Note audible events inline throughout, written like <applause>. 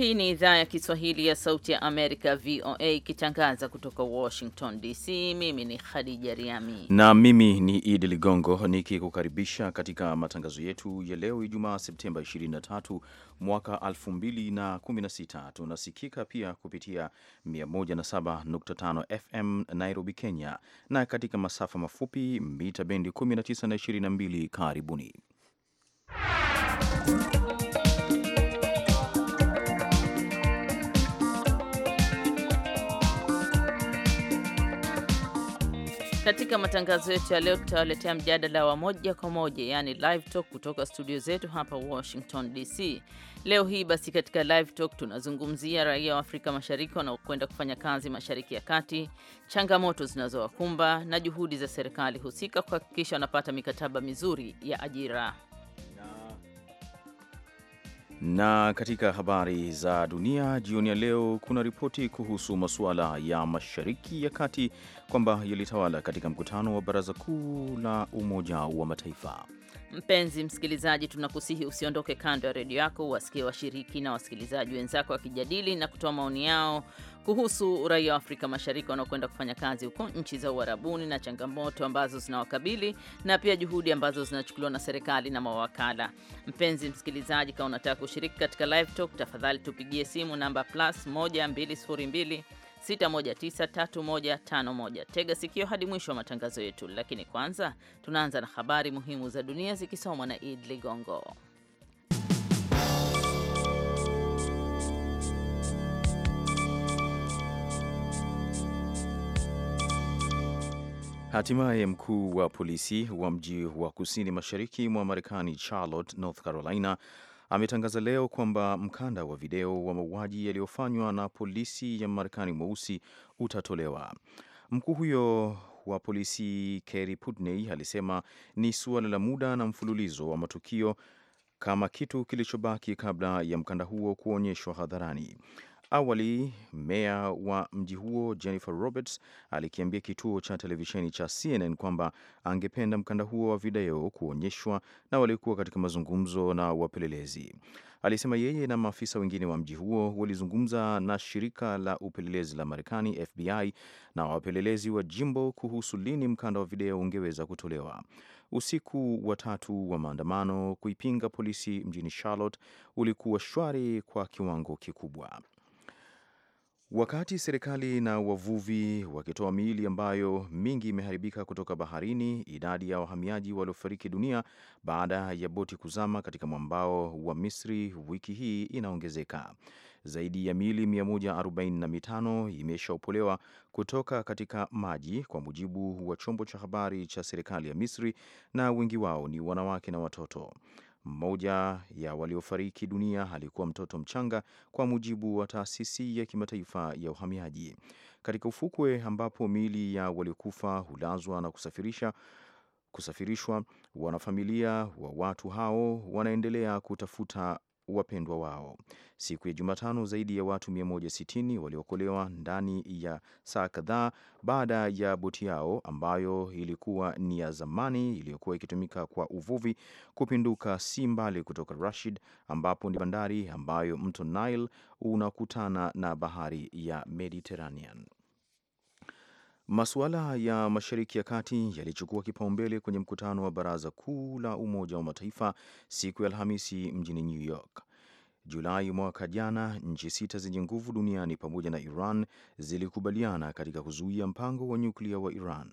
Hii ni idhaa ya Kiswahili ya Sauti ya Amerika, VOA, ikitangaza kutoka Washington DC. Mimi ni Khadija Riami na mimi ni Idi Ligongo nikikukaribisha katika matangazo yetu ya leo Ijumaa Septemba 23 mwaka 2016. Tunasikika pia kupitia 107.5 FM Nairobi, Kenya, na katika masafa mafupi mita bendi 19 na 22. Karibuni Katika matangazo yetu ya leo tutawaletea mjadala wa moja kwa moja, yani live talk kutoka studio zetu hapa Washington DC. Leo hii basi, katika live talk tunazungumzia raia wa Afrika Mashariki wanaokwenda kufanya kazi Mashariki ya Kati, changamoto zinazowakumba na juhudi za serikali husika kuhakikisha wanapata mikataba mizuri ya ajira. Na katika habari za dunia jioni ya leo, kuna ripoti kuhusu masuala ya Mashariki ya Kati kwamba yalitawala katika mkutano wa Baraza Kuu la Umoja wa Mataifa. Mpenzi msikilizaji, tunakusihi usiondoke kando ya redio yako, wasikie washiriki na wasikilizaji wenzako wakijadili na kutoa maoni yao kuhusu raia wa Afrika Mashariki wanaokwenda kufanya kazi huko nchi za Uarabuni na changamoto ambazo zinawakabili na pia juhudi ambazo zinachukuliwa na serikali na mawakala. Mpenzi msikilizaji, kama unataka kushiriki katika live talk, tafadhali tupigie simu namba plus 1202 Tega sikio hadi mwisho wa matangazo yetu, lakini kwanza tunaanza na habari muhimu za dunia zikisomwa na Id Ligongo. Hatimaye mkuu wa polisi wa mji wa kusini mashariki mwa Marekani, Charlotte, North Carolina, ametangaza leo kwamba mkanda wa video wa mauaji yaliyofanywa na polisi ya Marekani mweusi utatolewa. Mkuu huyo wa polisi Kerry Putney alisema ni suala la muda na mfululizo wa matukio kama kitu kilichobaki kabla ya mkanda huo kuonyeshwa hadharani. Awali meya wa mji huo Jennifer Roberts alikiambia kituo cha televisheni cha CNN kwamba angependa mkanda huo wa video kuonyeshwa na waliokuwa katika mazungumzo na wapelelezi. Alisema yeye na maafisa wengine wa mji huo walizungumza na shirika la upelelezi la Marekani FBI na wapelelezi wa jimbo kuhusu lini mkanda wa video ungeweza kutolewa. Usiku wa tatu wa maandamano kuipinga polisi mjini Charlotte ulikuwa shwari kwa kiwango kikubwa. Wakati serikali na wavuvi wakitoa miili ambayo mingi imeharibika kutoka baharini, idadi ya wahamiaji waliofariki dunia baada ya boti kuzama katika mwambao wa Misri wiki hii inaongezeka. Zaidi ya miili 145 imeshaopolewa kutoka katika maji, kwa mujibu wa chombo cha habari cha serikali ya Misri, na wengi wao ni wanawake na watoto. Mmoja ya waliofariki dunia alikuwa mtoto mchanga, kwa mujibu wa taasisi ya kimataifa ya uhamiaji. Katika ufukwe ambapo miili ya waliokufa hulazwa na kusafirisha kusafirishwa, wanafamilia wa watu hao wanaendelea kutafuta wapendwa wao. Siku ya Jumatano, zaidi ya watu 160 waliokolewa ndani ya saa kadhaa baada ya boti yao ambayo ilikuwa ni ya zamani iliyokuwa ikitumika kwa uvuvi kupinduka si mbali kutoka Rashid, ambapo ni bandari ambayo mto Nile unakutana na bahari ya Mediterranean. Masuala ya Mashariki ya Kati yalichukua kipaumbele kwenye mkutano wa Baraza Kuu la Umoja wa Mataifa siku ya Alhamisi mjini New York. Julai mwaka jana, nchi sita zenye nguvu duniani pamoja na Iran zilikubaliana katika kuzuia mpango wa nyuklia wa Iran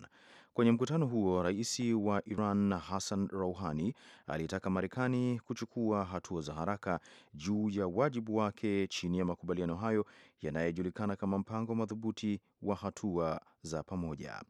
Kwenye mkutano huo, rais wa Iran Hassan Rouhani alitaka Marekani kuchukua hatua za haraka juu ya wajibu wake chini ya makubaliano hayo yanayojulikana kama mpango madhubuti wa hatua za pamoja.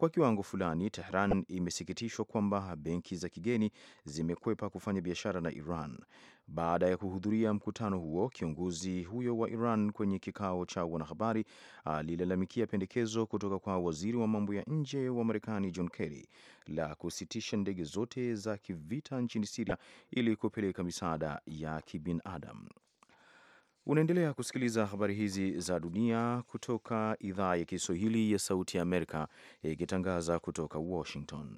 Kwa kiwango fulani, Tehran imesikitishwa kwamba benki za kigeni zimekwepa kufanya biashara na Iran. Baada ya kuhudhuria mkutano huo, kiongozi huyo wa Iran kwenye kikao cha wanahabari alilalamikia pendekezo kutoka kwa waziri wa mambo ya nje wa Marekani John Kerry la kusitisha ndege zote za kivita nchini Siria ili kupeleka misaada ya kibinadamu. Unaendelea kusikiliza habari hizi za dunia kutoka idhaa ya Kiswahili ya Sauti ya Amerika ikitangaza kutoka Washington.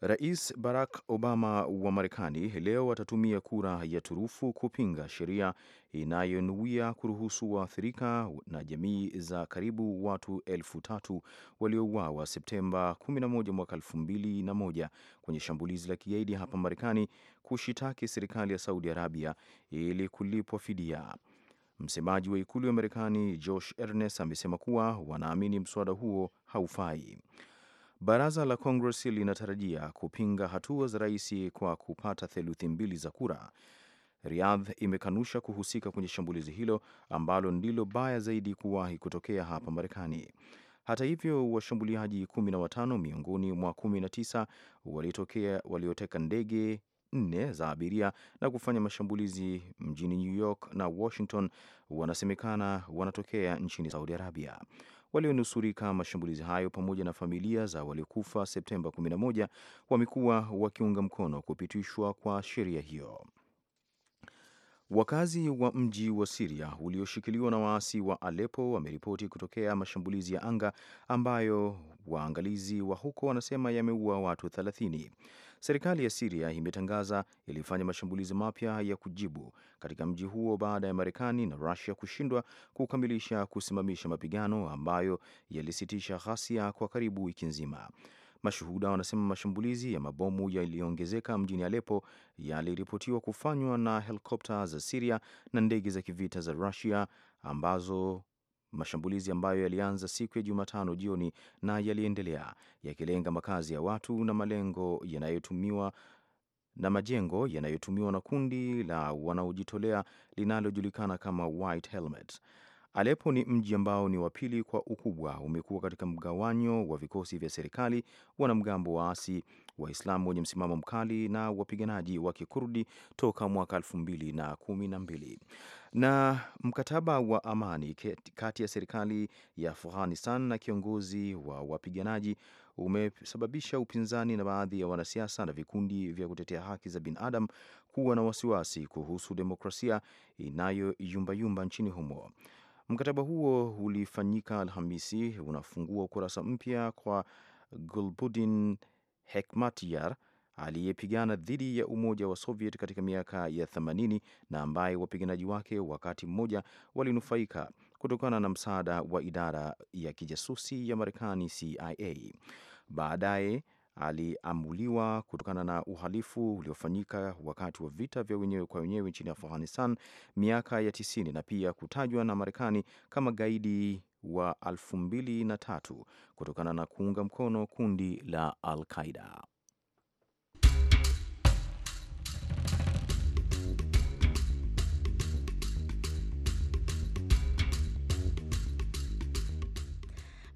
Rais Barack Obama wa Marekani leo atatumia kura ya turufu kupinga sheria inayonuia kuruhusu waathirika na jamii za karibu watu elfu tatu waliouawa Septemba 11 mwaka 2001 kwenye shambulizi la kigaidi hapa Marekani kushitaki serikali ya Saudi Arabia ili kulipwa fidia. Msemaji wa ikulu ya Marekani Josh Ernest amesema kuwa wanaamini mswada huo haufai. Baraza la Congress linatarajia kupinga hatua za rais kwa kupata theluthi mbili za kura. Riyadh imekanusha kuhusika kwenye shambulizi hilo ambalo ndilo baya zaidi kuwahi kutokea hapa Marekani. Hata hivyo, washambuliaji 15 miongoni mwa 19 walitokea walioteka ndege nne za abiria na kufanya mashambulizi mjini New York na Washington wanasemekana wanatokea nchini Saudi Arabia. Walionusurika mashambulizi hayo pamoja na familia za waliokufa Septemba 11 wamekuwa wakiunga mkono kupitishwa kwa sheria hiyo. Wakazi wa mji wa Siria ulioshikiliwa na waasi wa Alepo wameripoti kutokea mashambulizi ya anga ambayo waangalizi wa huko wanasema yameua watu 30. Serikali ya Siria imetangaza ilifanya mashambulizi mapya ya kujibu katika mji huo baada ya Marekani na Rusia kushindwa kukamilisha kusimamisha mapigano ambayo yalisitisha ghasia kwa karibu wiki nzima. Mashuhuda wanasema mashambulizi ya mabomu yaliyoongezeka mjini Alepo yaliripotiwa kufanywa na helikopta za Siria na ndege za kivita za Rusia ambazo mashambulizi ambayo yalianza siku ya Jumatano jioni na yaliendelea yakilenga makazi ya watu na malengo yanayotumiwa na majengo yanayotumiwa na kundi la wanaojitolea linalojulikana kama White Helmet. Aleppo ni mji ambao ni wa pili kwa ukubwa, umekuwa katika mgawanyo wa vikosi vya serikali, wanamgambo waasi Waislamu wenye msimamo mkali na wapiganaji wa Kikurdi toka mwaka elfu mbili na kumi na mbili na mkataba wa amani kati ya serikali ya Afghanistan na kiongozi wa wapiganaji umesababisha upinzani na baadhi ya wanasiasa na vikundi vya kutetea haki za binadamu kuwa na wasiwasi kuhusu demokrasia inayoyumbayumba nchini humo. Mkataba huo ulifanyika Alhamisi unafungua ukurasa mpya kwa Gulbuddin Hekmatyar aliyepigana dhidi ya Umoja wa Soviet katika miaka ya 80 na ambaye wapiganaji wake wakati mmoja walinufaika kutokana na msaada wa idara ya kijasusi ya Marekani CIA. Baadaye aliamuliwa kutokana na uhalifu uliofanyika wakati wa vita vya wenyewe kwa wenyewe nchini Afghanistan miaka ya tisini na pia kutajwa na Marekani kama gaidi wa 2003 kutokana na kuunga mkono kundi la Al-Qaida.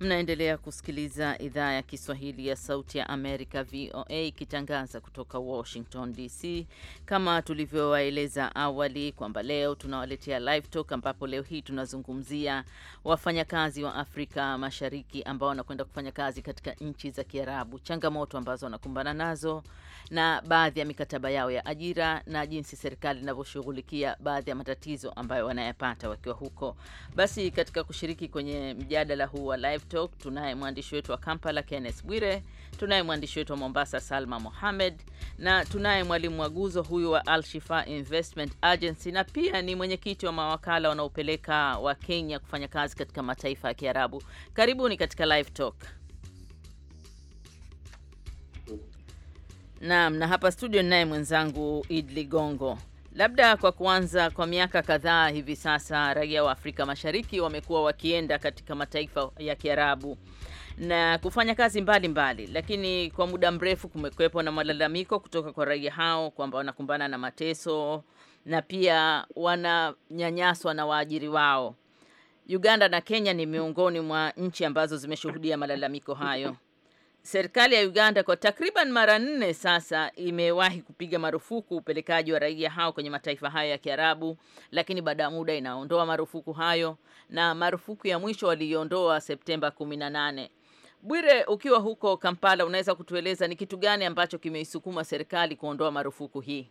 Mnaendelea kusikiliza idhaa ya Kiswahili ya Sauti ya Amerika, VOA, ikitangaza kutoka Washington DC. Kama tulivyowaeleza awali kwamba leo tunawaletea Live Talk, ambapo leo hii tunazungumzia wafanyakazi wa Afrika Mashariki ambao wanakwenda kufanya kazi katika nchi za Kiarabu, changamoto ambazo wanakumbana nazo, na baadhi ya mikataba yao ya ajira na jinsi serikali inavyoshughulikia baadhi ya matatizo ambayo wanayapata wakiwa huko. Basi katika kushiriki kwenye mjadala huu wa Live Talk tunaye mwandishi wetu wa Kampala Kenneth Bwire, tunaye mwandishi wetu wa Mombasa Salma Mohamed na tunaye mwalimu wa guzo huyu wa Al Shifa Investment Agency na pia ni mwenyekiti wa mawakala wanaopeleka wa Kenya kufanya kazi katika mataifa ya Kiarabu. Karibuni katika Live Talk. Naam, na hapa studio ninaye mwenzangu Id Ligongo. Labda kwa kuanza, kwa miaka kadhaa hivi sasa raia wa Afrika Mashariki wamekuwa wakienda katika mataifa ya Kiarabu na kufanya kazi mbalimbali mbali. Lakini kwa muda mrefu kumekwepo na malalamiko kutoka kwa raia hao kwamba wanakumbana na mateso na pia wananyanyaswa na waajiri wao. Uganda na Kenya ni miongoni mwa nchi ambazo zimeshuhudia malalamiko hayo. Serikali ya Uganda kwa takriban mara nne sasa imewahi kupiga marufuku upelekaji wa raia hao kwenye mataifa hayo ya Kiarabu, lakini baada ya muda inaondoa marufuku hayo, na marufuku ya mwisho waliiondoa Septemba 18. Bwire, ukiwa huko Kampala, unaweza kutueleza ni kitu gani ambacho kimeisukuma serikali kuondoa marufuku hii?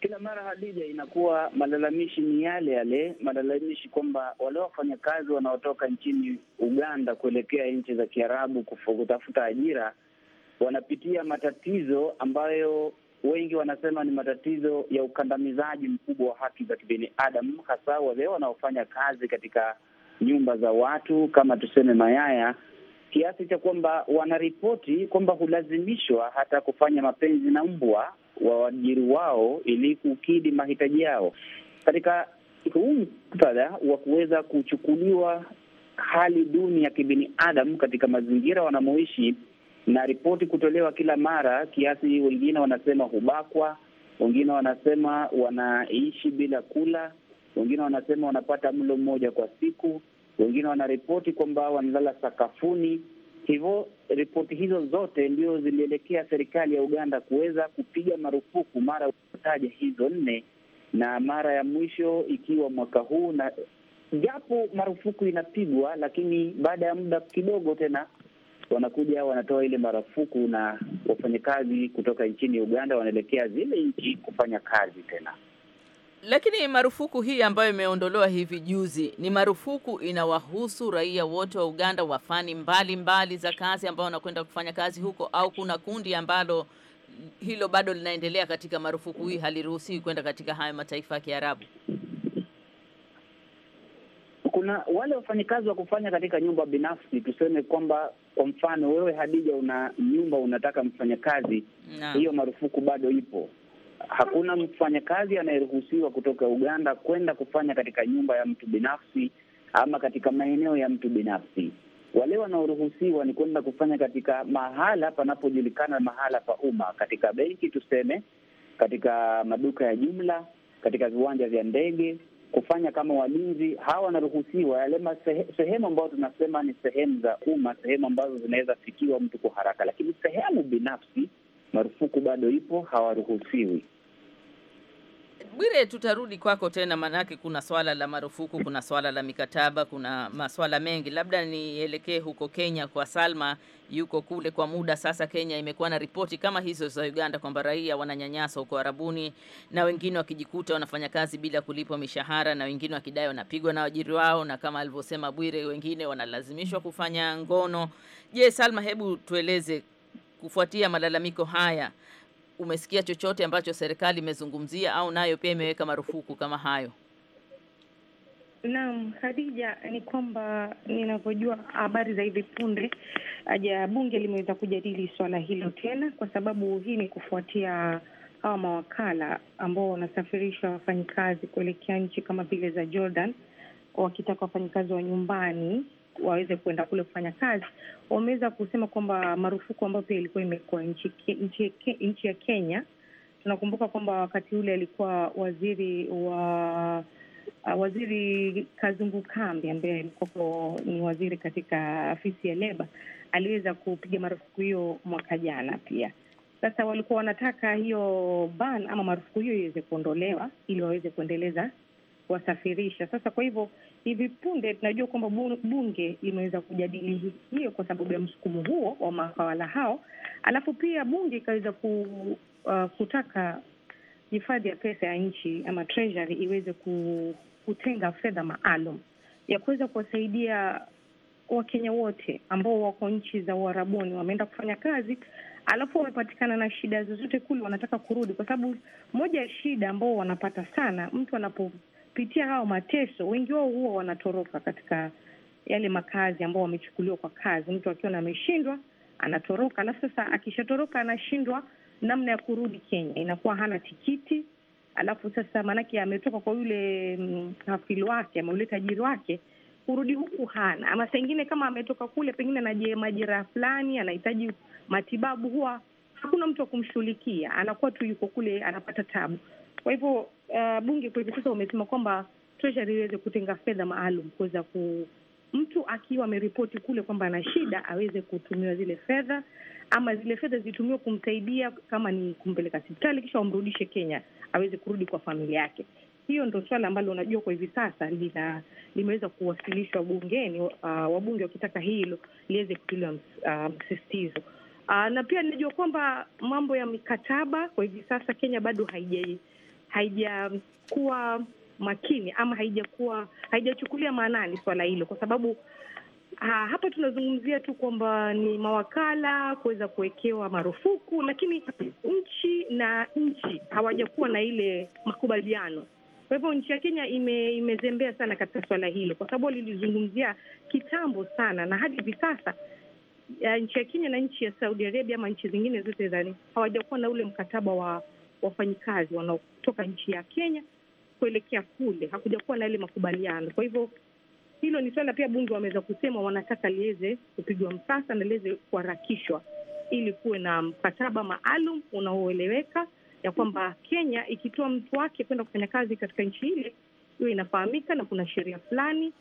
Kila mara Hadija, inakuwa malalamishi ni yale yale, malalamishi kwamba wale wafanyakazi wanaotoka nchini Uganda kuelekea nchi za Kiarabu kutafuta ajira wanapitia matatizo ambayo wengi wanasema ni matatizo ya ukandamizaji mkubwa wa haki za kibinadamu, hasa wale wanaofanya kazi katika nyumba za watu kama tuseme mayaya kiasi cha kwamba wanaripoti kwamba hulazimishwa hata kufanya mapenzi na mbwa wa wajiri wao ili kukidhi mahitaji yao. Katika huu muktadha wa kuweza kuchukuliwa hali duni ya kibinadamu katika mazingira wanamoishi na ripoti kutolewa kila mara, kiasi wengine wanasema hubakwa, wengine wanasema wanaishi bila kula, wengine wanasema wanapata mlo mmoja kwa siku wengine wanaripoti kwamba wanalala sakafuni. Hivyo ripoti hizo zote ndio zilielekea serikali ya Uganda kuweza kupiga marufuku mara taja hizo nne, na mara ya mwisho ikiwa mwaka huu. Na japo marufuku inapigwa, lakini baada ya muda kidogo tena wanakuja wanatoa ile marufuku, na wafanyakazi kutoka nchini Uganda wanaelekea zile nchi kufanya kazi tena. Lakini marufuku hii ambayo imeondolewa hivi juzi ni marufuku inawahusu raia wote wa Uganda wa fani mbalimbali mbali za kazi ambao wanakwenda kufanya kazi huko, au kuna kundi ambalo hilo bado linaendelea katika marufuku hii, haliruhusiwi kwenda katika hayo mataifa ya Kiarabu? Kuna wale wafanyakazi wa kufanya katika nyumba binafsi, tuseme kwamba kwa mfano wewe Hadija, una nyumba unataka mfanyakazi, hiyo marufuku bado ipo hakuna mfanyakazi anayeruhusiwa kutoka Uganda kwenda kufanya katika nyumba ya mtu binafsi ama katika maeneo ya mtu binafsi. Wale wanaoruhusiwa ni kwenda kufanya katika mahala panapojulikana, mahala pa umma, katika benki tuseme, katika maduka ya jumla, katika viwanja vya ndege, kufanya kama walinzi. Hawa wanaruhusiwa yale sehemu ambazo tunasema ni sehemu za umma, sehemu ambazo zinaweza fikiwa mtu kwa haraka, lakini sehemu binafsi marufuku bado ipo, hawaruhusiwi. Bwire, tutarudi kwako tena, maanake kuna swala la marufuku, kuna swala la mikataba, kuna maswala mengi. Labda nielekee huko Kenya kwa Salma, yuko kule kwa muda sasa. Kenya imekuwa na ripoti kama hizo za Uganda kwamba raia wananyanyaswa huko Arabuni, na wengine wakijikuta wanafanya kazi bila kulipwa mishahara, na wengine wakidai wanapigwa na wajiri wao, na kama alivyosema Bwire, wengine wanalazimishwa kufanya ngono. Je, Salma, hebu tueleze Kufuatia malalamiko haya, umesikia chochote ambacho serikali imezungumzia au nayo pia imeweka marufuku kama hayo? Naam, Khadija, ni kwamba ninavyojua habari za hivi punde aja bunge limeweza kujadili swala hilo tena, kwa sababu hii ni kufuatia hawa mawakala ambao wanasafirisha wafanyikazi kuelekea nchi kama vile za Jordan, wakitaka wafanyikazi wa nyumbani waweze kuenda kule kufanya kazi, wameweza kusema kwamba marufuku ambayo pia ilikuwa imekuwa nchi, nchi, nchi ya Kenya. Tunakumbuka kwamba wakati ule alikuwa waziri wa uh, waziri Kazungu Kambi ambaye alikuwako ni waziri katika afisi ya leba aliweza kupiga marufuku hiyo mwaka jana pia. Sasa walikuwa wanataka hiyo ban ama marufuku hiyo iweze kuondolewa ili waweze kuendeleza kuwasafirisha. Sasa kwa hivyo, hivi punde tunajua kwamba bunge imeweza kujadili hiyo kwa sababu ya msukumo huo wa mawakala hao, alafu pia bunge ikaweza ku, uh, kutaka hifadhi ya pesa ya nchi ama treasury iweze ku, kutenga fedha maalum ya kuweza kuwasaidia Wakenya wote ambao wako nchi za Uarabuni wameenda kufanya kazi alafu wamepatikana na shida zozote kule, wanataka kurudi, kwa sababu moja ya shida ambao wanapata sana, mtu anapo kupitia hao mateso, wengi wao huwa wanatoroka katika yale makazi ambao wamechukuliwa kwa kazi. Mtu akiona ameshindwa anatoroka, alafu sasa akishatoroka anashindwa namna ya kurudi Kenya, inakuwa hana tikiti. Alafu sasa maanake ametoka kwa yule hafili mm, wake ama yule tajiri wake, kurudi huku hana. Ama saa ingine kama ametoka kule, pengine anaje majira fulani, anahitaji matibabu, huwa hakuna mtu wa kumshughulikia, anakuwa tu yuko kule, anapata tabu. Kwa hivyo Eh, bunge kwa hivi sasa wamesema kwamba treasury iweze kutenga fedha maalum kuweza ku mtu akiwa ameripoti kule kwamba ana shida aweze kutumiwa zile fedha, ama zile fedha zitumiwe kumsaidia, kama ni kumpeleka hospitali, kisha wamrudishe Kenya aweze kurudi kwa familia yake. Hiyo ndo swala ambalo unajua kwa hivi sasa lina limeweza kuwasilishwa bungeni, uh, wabunge wakitaka hilo liweze kutiliwa uh, msisitizo uh, na pia ninajua kwamba mambo ya mikataba kwa hivi sasa Kenya bado haijai haijakuwa makini ama haijakuwa haijachukulia maanani swala hilo, kwa sababu ha, hapa tunazungumzia tu kwamba ni mawakala kuweza kuwekewa marufuku, lakini nchi na nchi hawajakuwa na ile makubaliano. Kwa hivyo nchi ya Kenya ime, imezembea sana katika swala hilo, kwa sababu walilizungumzia kitambo sana na hadi hivi sasa nchi ya Kenya na nchi ya Saudi Arabia ama nchi zingine zote zani hawajakuwa na ule mkataba wa wafanyikazi wanaotoka nchi ya Kenya kuelekea kule. Hakujakuwa na yale makubaliano, kwa hivyo hilo ni swala pia bunge wameweza kusema wanataka liweze kupigwa msasa na liweze kuharakishwa ili kuwe na mkataba maalum unaoeleweka ya kwamba Kenya ikitoa mtu wake kwenda kufanya kazi katika nchi ile hiyo inafahamika, na kuna sheria fulani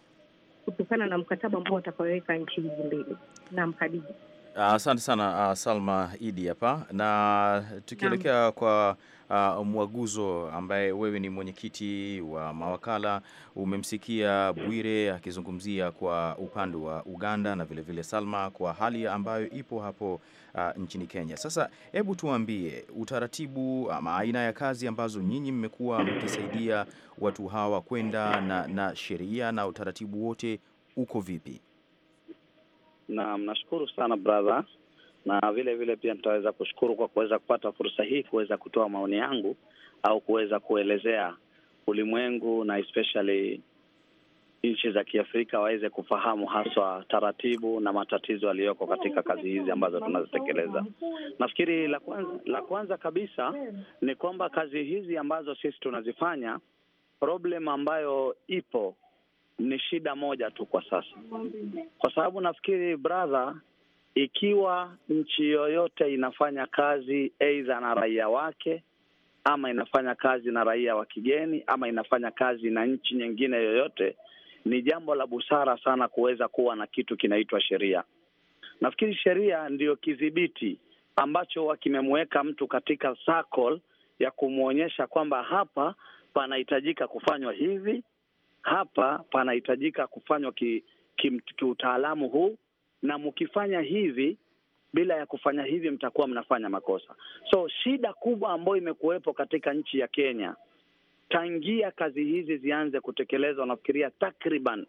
kutokana na mkataba ambao watakaoweka nchi hizi mbili. Naam, Khadija. Ah, asante sana uh, Salma Idi hapa na tukielekea kwa uh, mwaguzo ambaye wewe ni mwenyekiti wa mawakala. Umemsikia Bwire akizungumzia kwa upande wa Uganda na vilevile vile Salma kwa hali ambayo ipo hapo uh, nchini Kenya. Sasa hebu tuambie utaratibu ama aina ya kazi ambazo nyinyi mmekuwa mkisaidia watu hawa kwenda na, na sheria na utaratibu wote uko vipi? Naam, nashukuru sana brother, na vile vile pia nitaweza kushukuru kwa kuweza kupata fursa hii kuweza kutoa maoni yangu au kuweza kuelezea ulimwengu na especially nchi za Kiafrika waweze kufahamu haswa taratibu na matatizo yaliyoko katika kazi hizi ambazo tunazitekeleza. Nafikiri la kwanza, la kwanza kabisa ni kwamba kazi hizi ambazo sisi tunazifanya, problem ambayo ipo ni shida moja tu kwa sasa, kwa sababu nafikiri brother, ikiwa nchi yoyote inafanya kazi aidha na raia wake ama inafanya kazi na raia wa kigeni ama inafanya kazi na nchi nyingine yoyote, ni jambo la busara sana kuweza kuwa na kitu kinaitwa sheria. Nafikiri sheria ndiyo kidhibiti ambacho kimemweka mtu katika circle ya kumwonyesha kwamba hapa panahitajika kufanywa hivi hapa panahitajika kufanywa kiutaalamu ki, ki huu, na mkifanya hivi bila ya kufanya hivi mtakuwa mnafanya makosa. So shida kubwa ambayo imekuwepo katika nchi ya Kenya tangia kazi hizi zianze kutekelezwa, nafikiria takriban,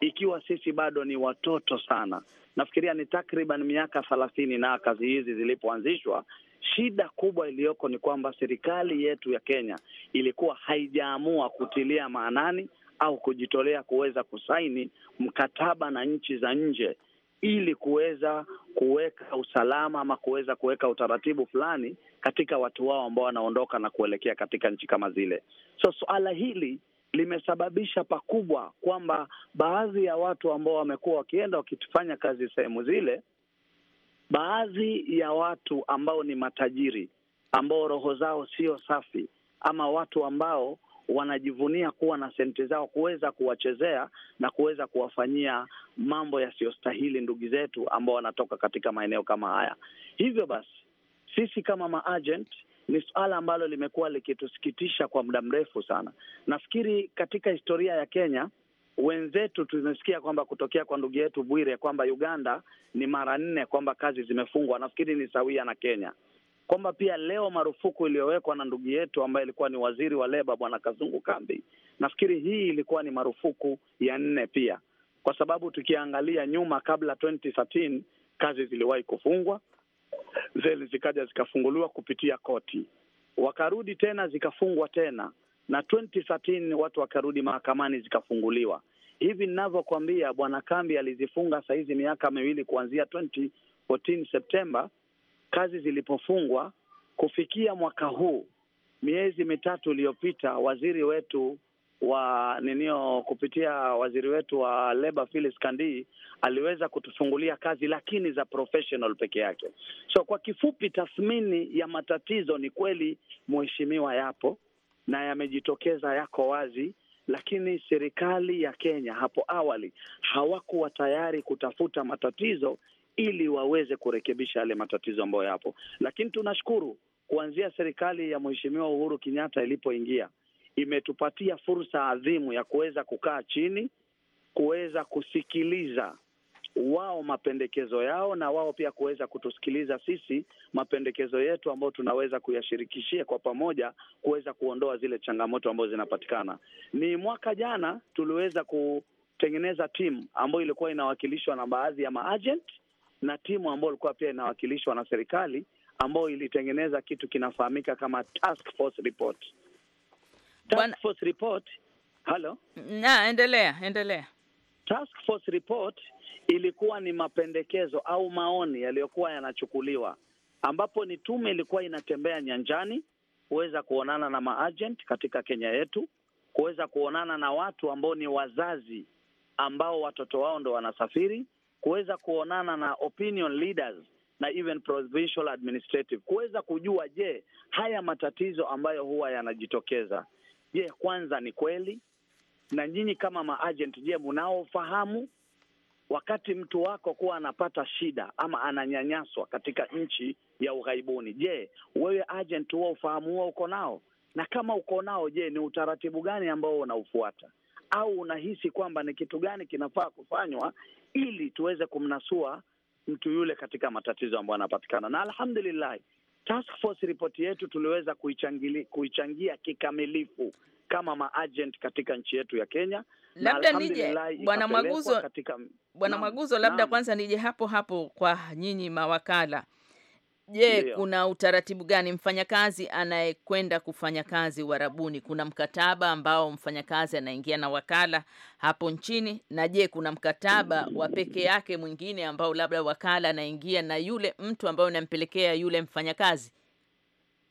ikiwa sisi bado ni watoto sana, nafikiria ni takriban miaka thelathini na kazi hizi zilipoanzishwa. Shida kubwa iliyoko ni kwamba serikali yetu ya Kenya ilikuwa haijaamua kutilia maanani au kujitolea kuweza kusaini mkataba na nchi za nje ili kuweza kuweka usalama ama kuweza kuweka utaratibu fulani katika watu wao ambao wanaondoka na kuelekea katika nchi kama zile. So suala hili limesababisha pakubwa kwamba baadhi ya watu ambao wamekuwa wakienda wakifanya kazi sehemu zile, baadhi ya watu ambao ni matajiri, ambao roho zao sio safi, ama watu ambao wanajivunia kuwa na senti zao kuweza kuwachezea na kuweza kuwafanyia mambo yasiyostahili ndugu zetu ambao wanatoka katika maeneo kama haya. Hivyo basi sisi kama maagent ni suala ambalo limekuwa likitusikitisha kwa muda mrefu sana. Nafikiri katika historia ya Kenya wenzetu tumesikia kwamba kutokea kwa ndugu yetu Bwire kwamba Uganda ni mara nne kwamba kazi zimefungwa. Nafikiri ni sawia na Kenya kwamba pia leo marufuku iliyowekwa na ndugu yetu ambaye ilikuwa ni waziri wa leba Bwana Kazungu Kambi, nafikiri hii ilikuwa ni marufuku ya nne pia, kwa sababu tukiangalia nyuma, kabla 2013 kazi ziliwahi kufungwa, zeli zikaja zikafunguliwa kupitia koti, wakarudi tena zikafungwa tena, na 2013 watu wakarudi mahakamani zikafunguliwa. Hivi ninavyokwambia, Bwana Kambi alizifunga sahizi miaka miwili kuanzia 2014 Septemba kazi zilipofungwa kufikia mwaka huu, miezi mitatu iliyopita, waziri wetu wa ninio oh, kupitia waziri wetu wa leba Phyllis Kandii aliweza kutufungulia kazi, lakini za professional peke yake. So kwa kifupi, tathmini ya matatizo ni kweli, mheshimiwa, yapo na yamejitokeza, yako wazi, lakini serikali ya Kenya hapo awali hawakuwa tayari kutafuta matatizo ili waweze kurekebisha yale matatizo ambayo yapo. Lakini tunashukuru kuanzia serikali ya Mheshimiwa Uhuru Kenyatta ilipoingia imetupatia fursa adhimu ya kuweza kukaa chini, kuweza kusikiliza wao mapendekezo yao na wao pia kuweza kutusikiliza sisi mapendekezo yetu ambayo tunaweza kuyashirikishia kwa pamoja kuweza kuondoa zile changamoto ambazo zinapatikana. Ni mwaka jana tuliweza kutengeneza timu ambayo ilikuwa inawakilishwa na baadhi ya maagent na timu ambayo ilikuwa pia inawakilishwa na serikali ambayo ilitengeneza kitu kinafahamika kama task force report. Task force report. Halo? Na, endelea, endelea. Task force report ilikuwa ni mapendekezo au maoni yaliyokuwa yanachukuliwa, ambapo ni tume ilikuwa inatembea nyanjani kuweza kuonana na maagent katika Kenya yetu, kuweza kuonana na watu ambao ni wazazi ambao watoto wao ndo wanasafiri kuweza kuonana na opinion leaders na even provincial administrative kuweza kujua, je, haya matatizo ambayo huwa yanajitokeza, je, kwanza ni kweli? Na nyinyi kama maagent, je, mnaofahamu wakati mtu wako kuwa anapata shida ama ananyanyaswa katika nchi ya ughaibuni, je, wewe agent huwa ufahamu huwa uko nao? Na kama uko nao, je, ni utaratibu gani ambao unaufuata au unahisi kwamba ni kitu gani kinafaa kufanywa ili tuweze kumnasua mtu yule katika matatizo ambayo anapatikana. Na alhamdulillahi, task force ripoti yetu tuliweza kuichangia kikamilifu kama maagent katika nchi yetu ya Kenya. Labda nije bwana Mwaguzo, katika... bwana Mwaguzo, labda kwanza nije hapo hapo kwa nyinyi mawakala Je, yeah, kuna utaratibu gani mfanyakazi anayekwenda kufanya kazi Uarabuni? Kuna mkataba ambao mfanyakazi anaingia na wakala hapo nchini? Na je, kuna mkataba wa peke yake mwingine ambao labda wakala anaingia na yule mtu ambaye unampelekea yule mfanyakazi?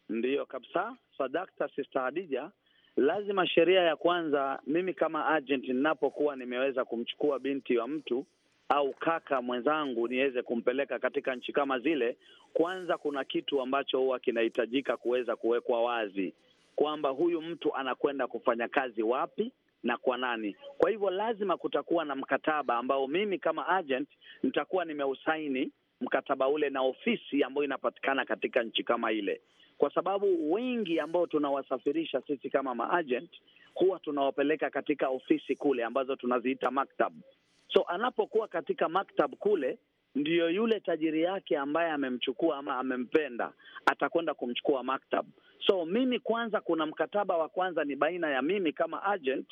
Ndiyo kabisa, sadakta Sister Hadija. Lazima sheria ya kwanza, mimi kama agent ninapokuwa nimeweza kumchukua binti wa mtu au kaka mwenzangu niweze kumpeleka katika nchi kama zile, kwanza kuna kitu ambacho huwa kinahitajika kuweza kuwekwa wazi kwamba huyu mtu anakwenda kufanya kazi wapi na kwa nani. Kwa hivyo lazima kutakuwa na mkataba ambao mimi kama agent nitakuwa nimeusaini mkataba ule na ofisi ambayo inapatikana katika nchi kama ile, kwa sababu wengi ambao tunawasafirisha sisi kama maagent huwa tunawapeleka katika ofisi kule ambazo tunaziita maktaba So anapokuwa katika maktab kule, ndiyo yule tajiri yake ambaye amemchukua ama amempenda atakwenda kumchukua maktab. So mimi kwanza, kuna mkataba wa kwanza ni baina ya mimi kama agent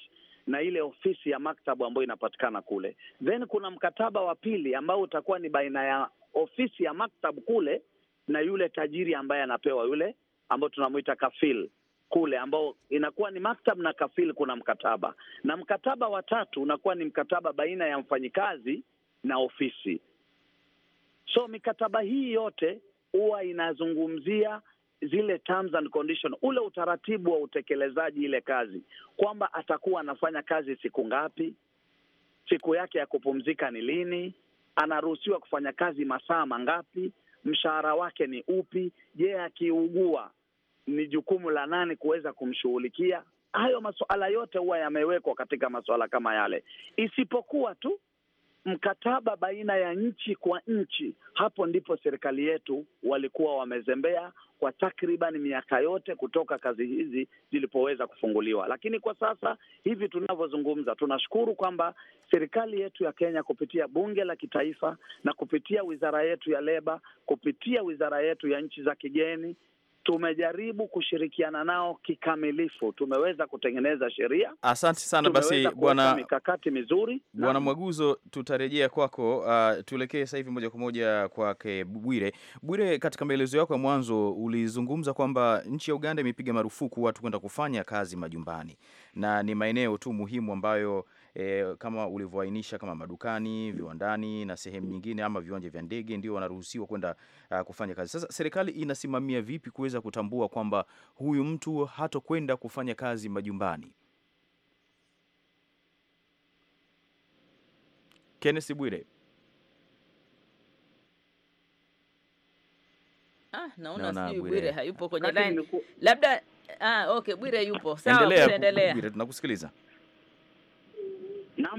na ile ofisi ya maktabu ambayo inapatikana kule, then kuna mkataba wa pili ambao utakuwa ni baina ya ofisi ya maktabu kule na yule tajiri ambaye anapewa yule ambao tunamwita kafil kule ambao inakuwa ni maktab na kafil, kuna mkataba, na mkataba wa tatu unakuwa ni mkataba baina ya mfanyikazi na ofisi. So mikataba hii yote huwa inazungumzia zile terms and condition, ule utaratibu wa utekelezaji ile kazi, kwamba atakuwa anafanya kazi siku ngapi, siku yake ya kupumzika ni lini, anaruhusiwa kufanya kazi masaa mangapi, mshahara wake ni upi, je, akiugua ni jukumu la nani kuweza kumshughulikia. Hayo masuala yote huwa yamewekwa katika masuala kama yale, isipokuwa tu mkataba baina ya nchi kwa nchi. Hapo ndipo serikali yetu walikuwa wamezembea kwa takriban miaka yote kutoka kazi hizi zilipoweza kufunguliwa. Lakini kwa sasa hivi tunavyozungumza, tunashukuru kwamba serikali yetu ya Kenya kupitia bunge la kitaifa na kupitia wizara yetu ya leba, kupitia wizara yetu ya nchi za kigeni tumejaribu kushirikiana nao kikamilifu, tumeweza kutengeneza sheria. Asante sana. Basi bwana, mikakati mizuri. Bwana Mwaguzo, tutarejea kwako. Uh, tuelekee sasa hivi moja kwa moja kwake Bwire. Bwire, katika maelezo yako ya mwanzo ulizungumza kwamba nchi ya Uganda imepiga marufuku watu kwenda kufanya kazi majumbani na ni maeneo tu muhimu ambayo e, kama ulivyoainisha, kama madukani, viwandani na sehemu nyingine ama viwanja vya ndege ndio wanaruhusiwa kwenda uh, kufanya kazi. Sasa serikali inasimamia vipi kuweza kutambua kwamba huyu mtu hatokwenda kufanya kazi majumbani? Kenneth Bwire. Ah, naona sijui Bwire hayupo kwenye line. Labda ah, okay Bwire yupo. Sawa, tunaendelea. Bwire tunakusikiliza.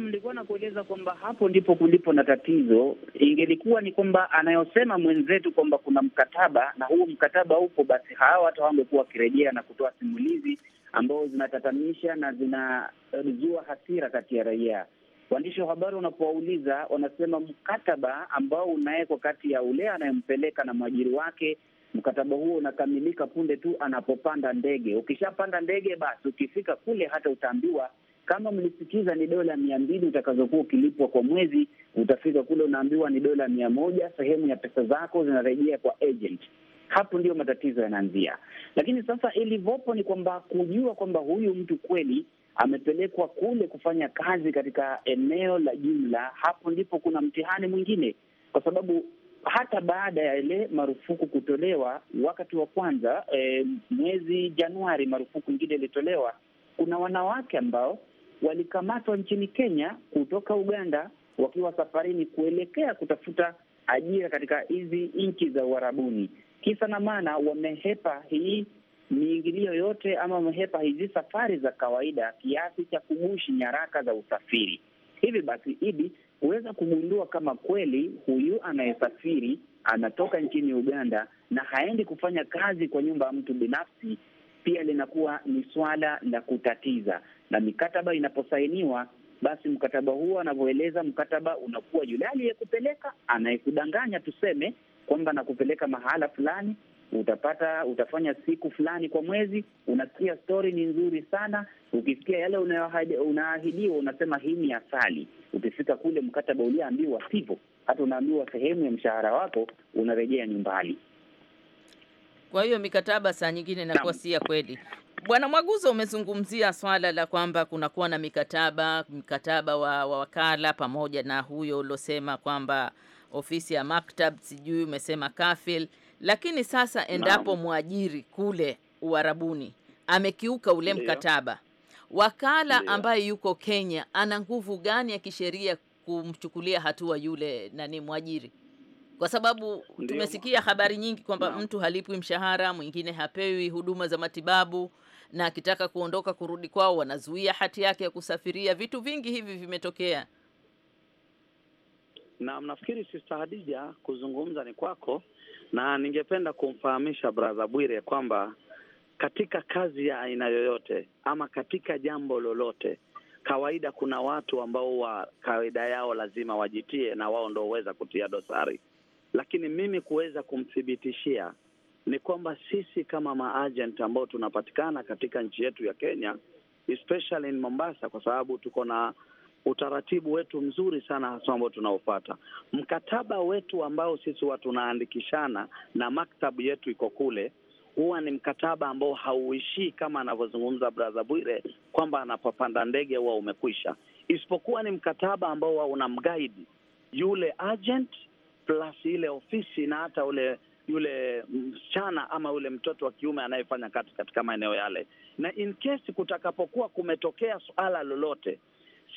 Naam, nilikuwa nakueleza kwamba hapo ndipo kulipo na tatizo. Ingelikuwa ni kwamba anayosema mwenzetu kwamba kuna mkataba na huu mkataba upo, basi hawa watu hawangekuwa wakirejea na kutoa simulizi ambao zinatatanisha na zinazua hasira kati ya raia. Waandishi wa habari wanapowauliza, wanasema mkataba ambao unawekwa kati ya ule anayempeleka na mwajiri wake, mkataba huo unakamilika punde tu anapopanda ndege. Ukishapanda ndege, basi ukifika kule hata utaambiwa kama mlisikiza ni dola mia mbili utakazokuwa ukilipwa kwa mwezi, utafika kule unaambiwa ni dola mia moja. Sehemu ya pesa zako zinarejea kwa agent. Hapo ndio matatizo yanaanzia. Lakini sasa ilivyopo ni kwamba kujua kwamba huyu mtu kweli amepelekwa kule kufanya kazi katika eneo la jumla, hapo ndipo kuna mtihani mwingine, kwa sababu hata baada ya ile marufuku kutolewa wakati wa kwanza, e, mwezi Januari marufuku ingine ilitolewa. Kuna wanawake ambao walikamatwa nchini Kenya kutoka Uganda wakiwa safarini kuelekea kutafuta ajira katika hizi nchi za Uarabuni. Kisa na maana wamehepa hii miingilio yote ama wamehepa hizi safari za kawaida kiasi cha kugushi nyaraka za usafiri. Hivi basi, Idi huweza kugundua kama kweli huyu anayesafiri anatoka nchini Uganda na haendi kufanya kazi kwa nyumba ya mtu binafsi, pia linakuwa ni swala la kutatiza na mikataba inaposainiwa basi mkataba huo anavyoeleza mkataba unakuwa yule aliyekupeleka anayekudanganya, tuseme kwamba nakupeleka mahala fulani, utapata utafanya siku fulani kwa mwezi, unasikia stori ni nzuri sana. Ukisikia yale unaahidiwa unasema hii ni asali. Ukifika kule mkataba ulioambiwa sivyo, hata unaambiwa sehemu ya mshahara wako unarejea nyumbani. Kwa hiyo mikataba saa nyingine inakuwa si ya kweli. Bwana Mwaguzo, umezungumzia swala la kwamba kunakuwa na mikataba mkataba wa, wa wakala pamoja na huyo uliosema kwamba ofisi ya maktab sijui umesema kafil, lakini sasa endapo mwajiri kule Uarabuni amekiuka ule mkataba, wakala ambaye yuko Kenya ana nguvu gani ya kisheria kumchukulia hatua yule nani mwajiri? Kwa sababu tumesikia habari nyingi kwamba mtu halipwi mshahara, mwingine hapewi huduma za matibabu na akitaka kuondoka kurudi kwao wanazuia hati yake ya kusafiria. Vitu vingi hivi vimetokea. nam nafikiri Sista Hadija, kuzungumza ni kwako, na ningependa kumfahamisha Brother Bwire kwamba katika kazi ya aina yoyote ama katika jambo lolote, kawaida kuna watu ambao wa kawaida yao lazima wajitie, na wao ndo huweza kutia dosari. Lakini mimi kuweza kumthibitishia ni kwamba sisi kama maajent ambao tunapatikana katika nchi yetu ya Kenya, especially in Mombasa, kwa sababu tuko na utaratibu wetu mzuri sana hasa ambao tunaofata mkataba wetu ambao sisi huwa tunaandikishana na maktabu yetu iko kule, huwa ni mkataba ambao hauishii kama anavyozungumza Bradha Bwire kwamba anapopanda ndege huwa umekwisha, isipokuwa ni mkataba ambao huwa una mgaidi yule agent plus ile ofisi na hata ule yule msichana ama yule mtoto wa kiume anayefanya kazi katika maeneo yale, na in case kutakapokuwa kumetokea suala lolote,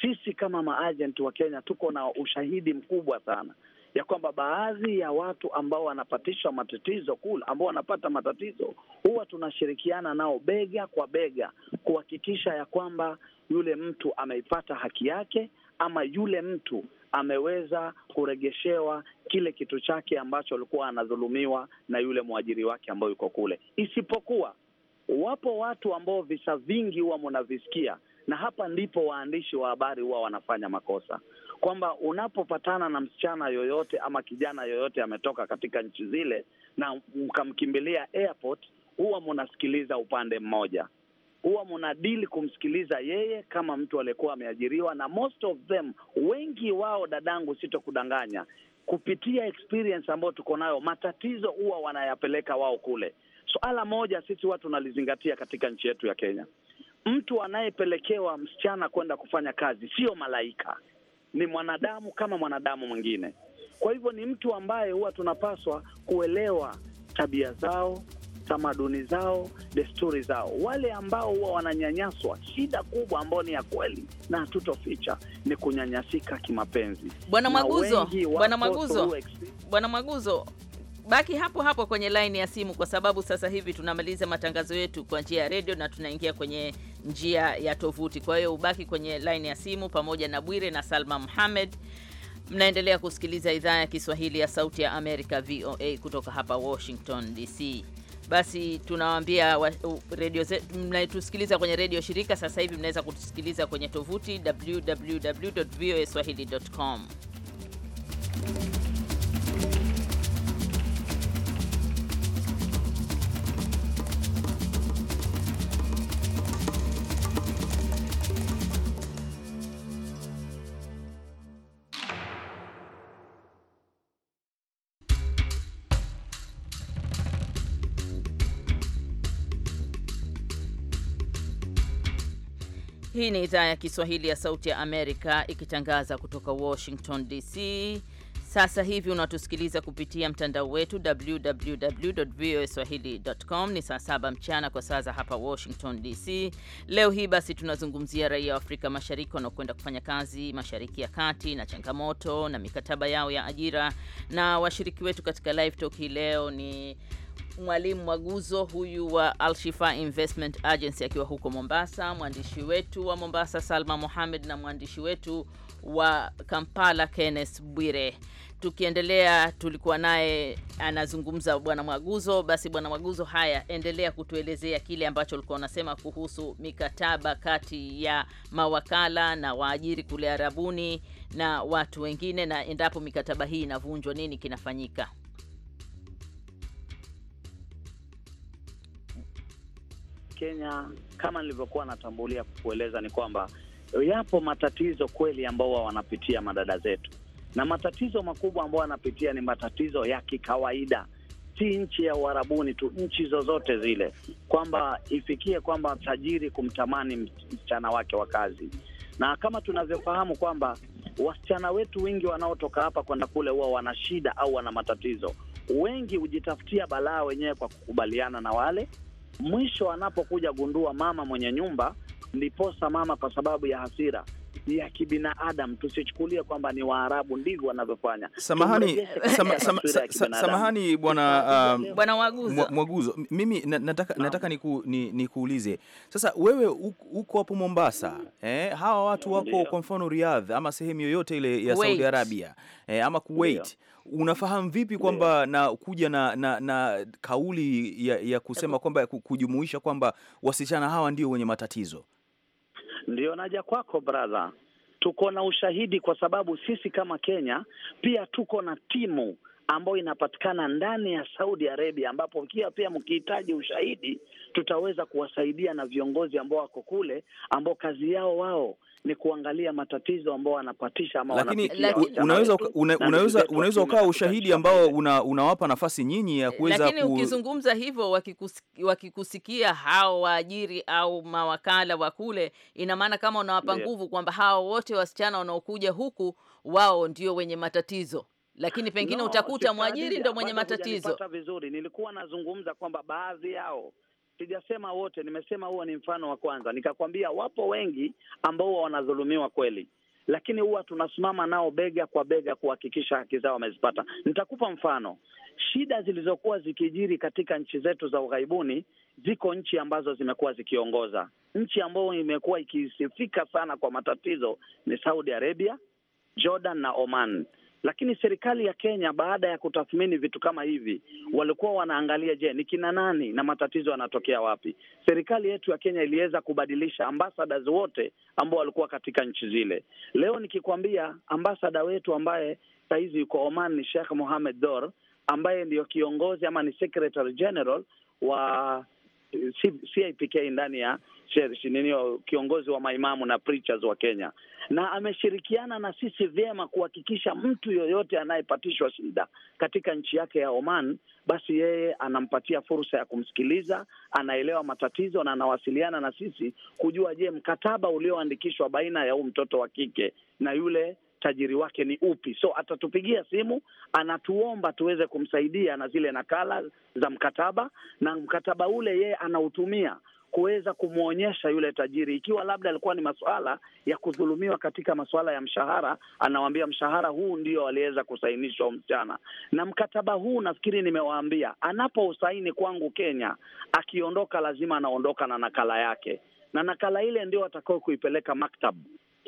sisi kama maajenti wa Kenya tuko na ushahidi mkubwa sana ya kwamba baadhi ya watu ambao wanapatishwa matatizo kule, ambao wanapata matatizo, huwa tunashirikiana nao bega kwa bega kuhakikisha ya kwamba yule mtu ameipata haki yake ama yule mtu ameweza kuregeshewa kile kitu chake ambacho alikuwa anadhulumiwa na yule mwajiri wake ambayo yuko kule, isipokuwa wapo watu ambao visa vingi huwa mnavisikia, na hapa ndipo waandishi wa habari huwa wanafanya makosa, kwamba unapopatana na msichana yoyote ama kijana yoyote ametoka katika nchi zile na mkamkimbilia airport, huwa munasikiliza upande mmoja huwa mnadili kumsikiliza yeye kama mtu aliyekuwa ameajiriwa, na most of them, wengi wao, dadangu, sitokudanganya, kupitia experience ambayo tuko nayo, matatizo huwa wanayapeleka wao kule. Suala moja sisi watu tunalizingatia katika nchi yetu ya Kenya, mtu anayepelekewa msichana kwenda kufanya kazi sio malaika, ni mwanadamu kama mwanadamu mwingine. Kwa hivyo ni mtu ambaye huwa tunapaswa kuelewa tabia zao, tamaduni zao, desturi zao. Wale ambao huwa wananyanyaswa, shida kubwa ambao ni ya kweli na hatutoficha ni kunyanyasika kimapenzi. Bwana Mwaguzo, Bwana Maguzo, Bwana Maguzo, baki hapo hapo kwenye laini ya simu, kwa sababu sasa hivi tunamaliza matangazo yetu kwa njia ya redio na tunaingia kwenye njia ya tovuti. Kwa hiyo ubaki kwenye laini ya simu pamoja na Bwire na Salma Muhamed. Mnaendelea kusikiliza idhaa ya Kiswahili ya Sauti ya Amerika, VOA, kutoka hapa Washington DC basi tunawaambia redio zetu, mnaitusikiliza kwenye redio shirika. Sasa hivi mnaweza kutusikiliza kwenye tovuti www voa swahili.com. Hii ni idhaa ya Kiswahili ya Sauti ya Amerika ikitangaza kutoka Washington DC. Sasa hivi unatusikiliza kupitia mtandao wetu www voa swahilicom. Ni saa saba mchana kwa saa za hapa Washington DC. Leo hii basi tunazungumzia raia wa Afrika Mashariki wanaokwenda kufanya kazi Mashariki ya Kati na changamoto na mikataba yao ya ajira, na washiriki wetu katika live talk hii leo ni Mwalimu Mwaguzo huyu wa Alshifa Investment Agency akiwa huko Mombasa, mwandishi wetu wa Mombasa Salma Mohamed na mwandishi wetu wa Kampala Kenneth Bwire. Tukiendelea tulikuwa naye anazungumza bwana Mwaguzo. Basi bwana Mwaguzo, haya, endelea kutuelezea kile ambacho ulikuwa unasema kuhusu mikataba kati ya mawakala na waajiri kule Arabuni na watu wengine, na endapo mikataba hii inavunjwa, nini kinafanyika? Kenya, kama nilivyokuwa natambulia kukueleza, ni kwamba yapo matatizo kweli ambao wanapitia madada zetu, na matatizo makubwa ambao wanapitia ni matatizo ya kikawaida, si nchi ya uharabuni tu, nchi zozote zile, kwamba ifikie kwamba tajiri kumtamani msichana wake wa kazi, na kama tunavyofahamu kwamba wasichana wetu wengi wanaotoka hapa kwenda kule huwa wana shida au wana matatizo. Wengi hujitafutia balaa wenyewe kwa kukubaliana na wale Mwisho anapokuja gundua mama mwenye nyumba, ndiposa mama kwa sababu ya hasira ya kibinadamu, tusichukulia kwamba ni Waarabu ndivyo wanavyofanya. Samahani, sama, sama, <laughs> samahani bwana um, bwana Mwaguzo, Mwaguzo, mimi nataka no. nataka niku, nikuulize sasa, wewe uko hapo Mombasa mm. eh, hawa watu wako kwa mfano Riyadh ama sehemu yoyote ile ya Kuwait. Saudi Arabia eh, ama Kuwait unafahamu vipi kwamba na kuja na, na, na kauli ya, ya kusema kwamba kujumuisha kwamba wasichana hawa ndio wenye matatizo? Ndio naja kwako brother, tuko na ushahidi kwa sababu sisi kama Kenya pia tuko na timu ambayo inapatikana ndani ya Saudi Arabia, ambapo kia pia mkihitaji ushahidi tutaweza kuwasaidia na viongozi ambao wako kule, ambao kazi yao wao ni kuangalia matatizo ambao wanapatisha ama lakini, unaweza unaweza unaweza ukawa ushahidi ambao una, unawapa nafasi nyinyi ya kuweza lakini ku... ukizungumza hivyo wakikusikia, wakikusikia hao waajiri au mawakala wa kule, ina maana kama unawapa nguvu kwamba hao wote wasichana wanaokuja huku wao ndio wenye matatizo lakini pengine no, utakuta mwajiri ndo mwenye matatizo. Vizuri, nilikuwa nazungumza kwamba baadhi yao sijasema wote, nimesema huo ni mfano wa kwanza. Nikakwambia wapo wengi ambao wanadhulumiwa kweli, lakini huwa tunasimama nao bega kwa bega kuhakikisha haki zao wamezipata. Nitakupa mfano. Shida zilizokuwa zikijiri katika nchi zetu za ughaibuni, ziko nchi ambazo zimekuwa zikiongoza. Nchi ambayo imekuwa ikisifika sana kwa matatizo ni Saudi Arabia, Jordan na Oman. Lakini serikali ya Kenya baada ya kutathmini vitu kama hivi, walikuwa wanaangalia, je, ni kina nani na matatizo yanatokea wapi? Serikali yetu ya Kenya iliweza kubadilisha ambassadors wote ambao walikuwa katika nchi zile. Leo nikikwambia ambasada wetu ambaye sahizi yuko Oman ni Sheikh Mohamed Dor ambaye ndiyo kiongozi ama ni secretary general wa CIPK ndani ya kiongozi wa maimamu na preachers wa Kenya, na ameshirikiana na sisi vyema kuhakikisha mtu yoyote anayepatishwa shida katika nchi yake ya Oman, basi yeye anampatia fursa ya kumsikiliza, anaelewa matatizo na anawasiliana na sisi kujua, je, mkataba ulioandikishwa baina ya huu mtoto wa kike na yule tajiri wake ni upi? So atatupigia simu, anatuomba tuweze kumsaidia na zile nakala za mkataba, na mkataba ule yeye anautumia kuweza kumwonyesha yule tajiri, ikiwa labda alikuwa ni masuala ya kudhulumiwa katika masuala ya mshahara, anawaambia mshahara huu ndio aliweza kusainishwa msichana. Na mkataba huu nafikiri nimewaambia, anapousaini kwangu Kenya, akiondoka lazima anaondoka na nakala yake, na nakala ile ndio atakao kuipeleka maktabu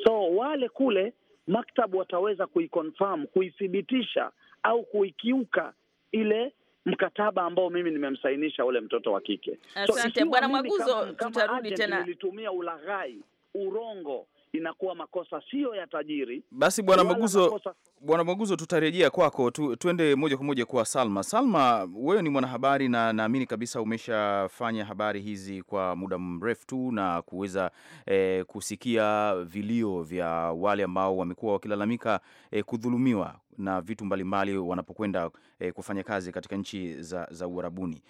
So wale kule maktabu wataweza kuiconfirm, kuithibitisha au kuikiuka ile mkataba ambao mimi nimemsainisha ule mtoto wa kike. Asante Bwana Mwaguzo, tutarudi tena. Nilitumia ulaghai, urongo inakuwa makosa sio ya tajiri. Basi bwana mwaguzo bwana Mwaguzo, tutarejea kwako tu, tuende moja kwa moja kwa Salma. Salma, wewe ni mwanahabari na naamini kabisa umeshafanya habari hizi kwa muda mrefu tu na kuweza eh, kusikia vilio vya wale ambao wamekuwa wakilalamika eh, kudhulumiwa na vitu mbalimbali wanapokwenda e, kufanya kazi katika nchi za, za Uarabuni.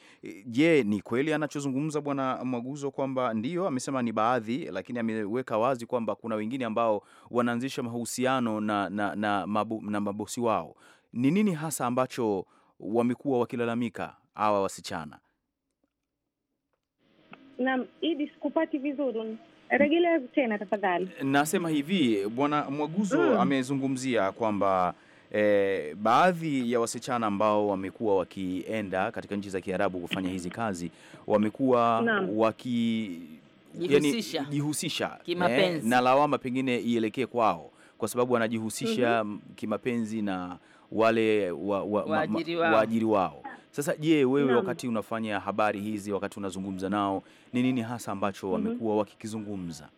Je, ni kweli anachozungumza Bwana Mwaguzo kwamba ndiyo amesema ni baadhi, lakini ameweka wazi kwamba kuna wengine ambao wanaanzisha mahusiano na, na, na, mabu, na mabosi wao. Ni nini hasa ambacho wamekuwa wakilalamika hawa wasichana? Naam, Idi, sikupati vizuri. regelea tena tafadhali. Nasema hivi Bwana Mwaguzo mm, amezungumzia kwamba e, baadhi ya wasichana ambao wamekuwa wakienda katika nchi za Kiarabu kufanya hizi kazi wamekuwa waki jihusisha, jihusisha eh, kimapenzi eh, na lawama pengine ielekee kwao kwa sababu wanajihusisha mm -hmm. kimapenzi na wale wa, wa, waajiri wao, waajiri wao. Sasa je, wewe wakati unafanya habari hizi, wakati unazungumza nao, ni nini hasa ambacho mhm. wamekuwa mm -hmm. wakikizungumza?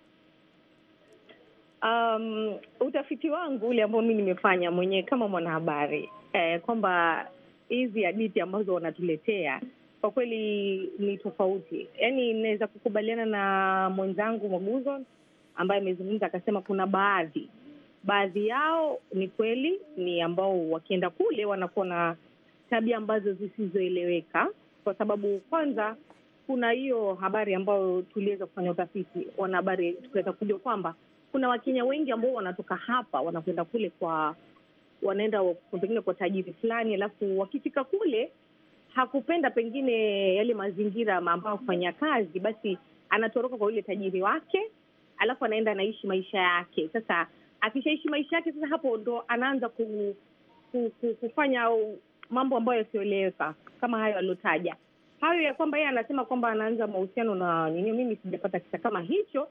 Um, utafiti wangu ule ambao mi nimefanya mwenyewe kama mwanahabari eh, kwamba hizi hadithi ambazo wanatuletea kwa kweli ni tofauti. Yaani inaweza kukubaliana na mwenzangu Mwaguzo ambaye amezungumza akasema, kuna baadhi baadhi yao ni kweli, ni ambao wakienda kule wanakuwa na tabia ambazo zisizoeleweka, kwa sababu kwanza kuna hiyo habari ambayo tuliweza kufanya utafiti, wanahabari tukaweza kujua kwamba kuna Wakenya wengi ambao wanatoka hapa wanakwenda kule kwa wanaenda pengine kwa tajiri fulani, alafu wakifika kule hakupenda pengine yale mazingira ambayo kufanya kazi, basi anatoroka kwa yule tajiri wake, alafu anaenda anaishi maisha yake. Sasa akishaishi maisha yake, sasa hapo ndo anaanza ku, ku, ku, kufanya mambo ambayo yasiyoeleweka kama hayo aliyotaja hayo ya kwamba yeye anasema kwamba anaanza mahusiano na nini. Mimi sijapata kisa kama hicho,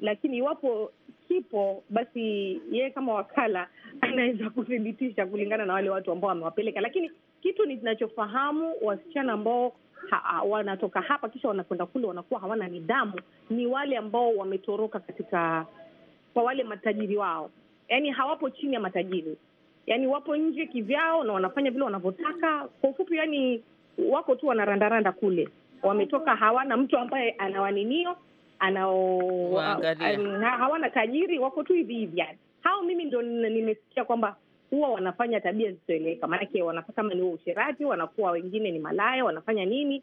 lakini iwapo kipo, basi yeye kama wakala anaweza kuthibitisha kulingana na wale watu ambao wamewapeleka. Lakini kitu ninachofahamu, wasichana ambao ha wanatoka hapa kisha wanakwenda kule, wanakuwa hawana nidhamu, ni wale ambao wametoroka katika kwa wale matajiri wao, yaani hawapo chini ya matajiri, yaani wapo nje kivyao na wanafanya vile wanavyotaka. Kwa ufupi, yaani wako tu wanarandaranda kule, wametoka, hawana mtu ambaye anawaninio anao hawana tajiri, wako tu hivi hivi. Yani hao mimi ndo nimesikia kwamba huwa wanafanya tabia zisizoeleweka, maanake wanapata kama ni uasherati, wanakuwa wengine ni malaya, wanafanya nini.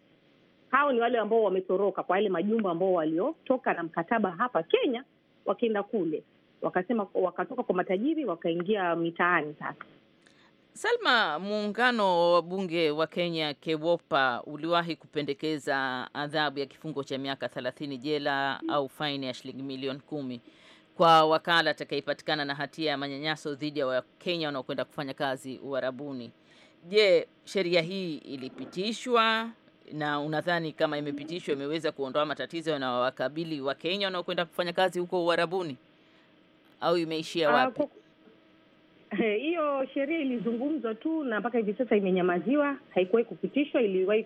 Hao ni wale ambao wametoroka kwa yale majumba ambao waliotoka na mkataba hapa Kenya, wakienda kule wakasema, wakatoka kwa matajiri, wakaingia mitaani sasa Salma, muungano wa bunge wa Kenya KEWOPA uliwahi kupendekeza adhabu ya kifungo cha miaka 30 jela au faini ya shilingi milioni kumi kwa wakala atakayepatikana na hatia ya manyanyaso dhidi ya Wakenya wanaokwenda kufanya kazi Uarabuni. Je, sheria hii ilipitishwa na unadhani kama imepitishwa imeweza kuondoa matatizo yanayowakabili Wakenya wanaokwenda kufanya kazi huko Uarabuni au imeishia ah, wapi? Eh, hiyo sheria ilizungumzwa tu na mpaka hivi sasa imenyamaziwa, haikuwahi kupitishwa. Iliwahi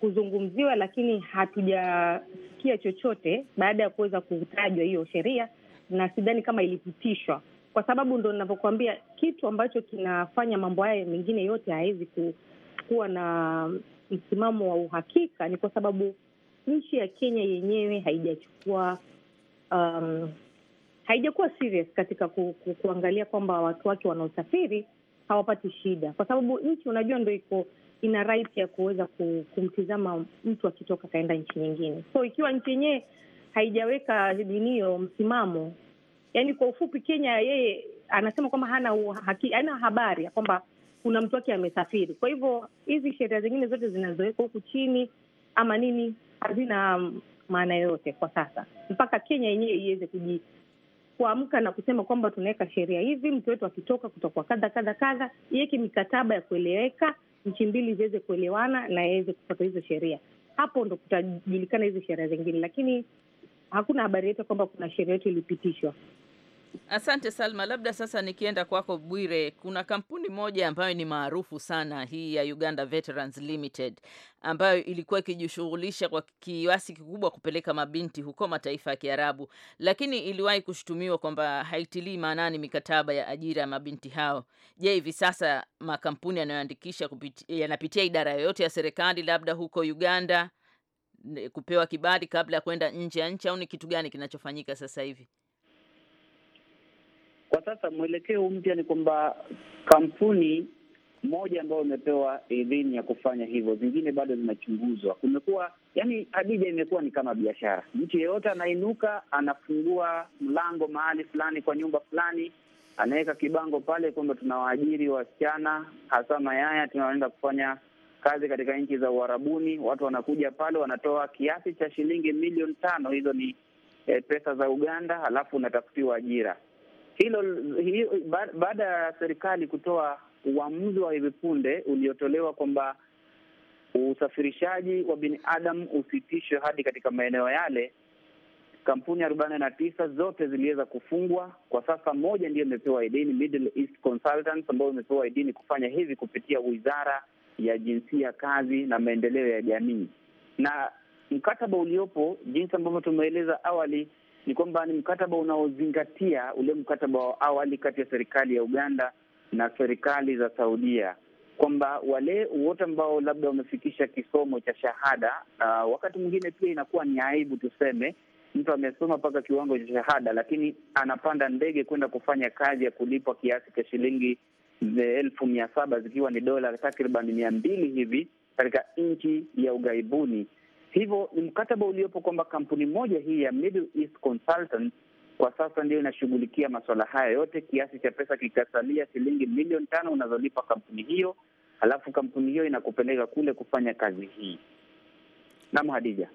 kuzungumziwa, lakini hatujasikia chochote baada ya kuweza kutajwa hiyo sheria, na sidhani kama ilipitishwa, kwa sababu ndo ninavyokuambia, kitu ambacho kinafanya mambo haya mengine yote hawezi ku, kuwa na msimamo wa uhakika ni kwa sababu nchi ya Kenya yenyewe haijachukua um, haijakuwa serious katika ku, ku, kuangalia kwamba watu wake wanaosafiri hawapati shida, kwa sababu nchi unajua ndo iko ina right ya kuweza kumtizama mtu akitoka akaenda nchi nyingine. So ikiwa nchi yenyewe haijaweka ninio msimamo, yani kwa ufupi, Kenya yeye anasema kwamba hana hana habari ya kwamba kuna mtu wake amesafiri. Kwa hivyo hizi sheria zingine zote zinazowekwa huku chini ama nini hazina maana yoyote kwa sasa, mpaka Kenya yenyewe iweze kuji kuamka na kusema kwamba tunaweka sheria hivi, mtu wetu akitoka kutakuwa kadha kadha kadha, iweke mikataba ya kueleweka, nchi mbili ziweze kuelewana na iweze kupata hizo sheria. Hapo ndo kutajulikana hizo sheria zingine, lakini hakuna habari yote kwamba kuna sheria yote ilipitishwa. Asante Salma, labda sasa nikienda kwako Bwire, kuna kampuni moja ambayo ni maarufu sana hii ya Uganda Veterans Limited ambayo ilikuwa ikijishughulisha kwa kiasi kikubwa kupeleka mabinti huko mataifa ya Kiarabu, lakini iliwahi kushutumiwa kwamba haitilii maanani mikataba ya ajira ya mabinti hao. Je, hivi sasa makampuni yanayoandikisha yanapitia idara yoyote ya serikali labda huko Uganda kupewa kibali kabla ya kwenda nje ya nchi, au ni kitu gani kinachofanyika sasa hivi? Kwa sasa mwelekeo mpya ni kwamba kampuni moja ambayo imepewa idhini ya kufanya hivyo, zingine bado zinachunguzwa. Kumekuwa yani, Hadija, imekuwa ni kama biashara. Mtu yeyote anainuka, anafungua mlango mahali fulani kwa nyumba fulani, anaweka kibango pale kwamba tunawaajiri wasichana hasa mayaya, tunaenda kufanya kazi katika nchi za Uarabuni. Watu wanakuja pale, wanatoa kiasi cha shilingi milioni tano, hizo ni e, pesa za Uganda, halafu unatafutiwa ajira hilo baada ya serikali kutoa uamuzi wa hivi punde uliotolewa kwamba usafirishaji wa binadamu usitishwe hadi katika maeneo yale. Kampuni arobaini na tisa zote ziliweza kufungwa. Kwa sasa moja ndiyo imepewa idhini, Middle East Consultants, ambayo imepewa idhini kufanya hivi kupitia Wizara ya Jinsia, Kazi na Maendeleo ya Jamii. Na mkataba uliopo, jinsi ambavyo tumeeleza awali, ni kwamba ni mkataba unaozingatia ule mkataba wa awali kati ya serikali ya Uganda na serikali za Saudia, kwamba wale wote ambao labda wamefikisha kisomo cha shahada. Uh, wakati mwingine pia inakuwa ni aibu, tuseme mtu amesoma mpaka kiwango cha shahada, lakini anapanda ndege kwenda kufanya kazi ya kulipwa kiasi cha shilingi eh, elfu mia saba zikiwa ni dola takriban mia mbili hivi katika nchi ya ughaibuni Hivyo ni mkataba uliopo kwamba kampuni moja hii ya Middle East Consultants kwa sasa ndio inashughulikia masuala haya yote, kiasi cha pesa kikasalia shilingi milioni tano unazolipa kampuni hiyo, halafu kampuni hiyo inakupeleka kule kufanya kazi hii. Naam, Hadija.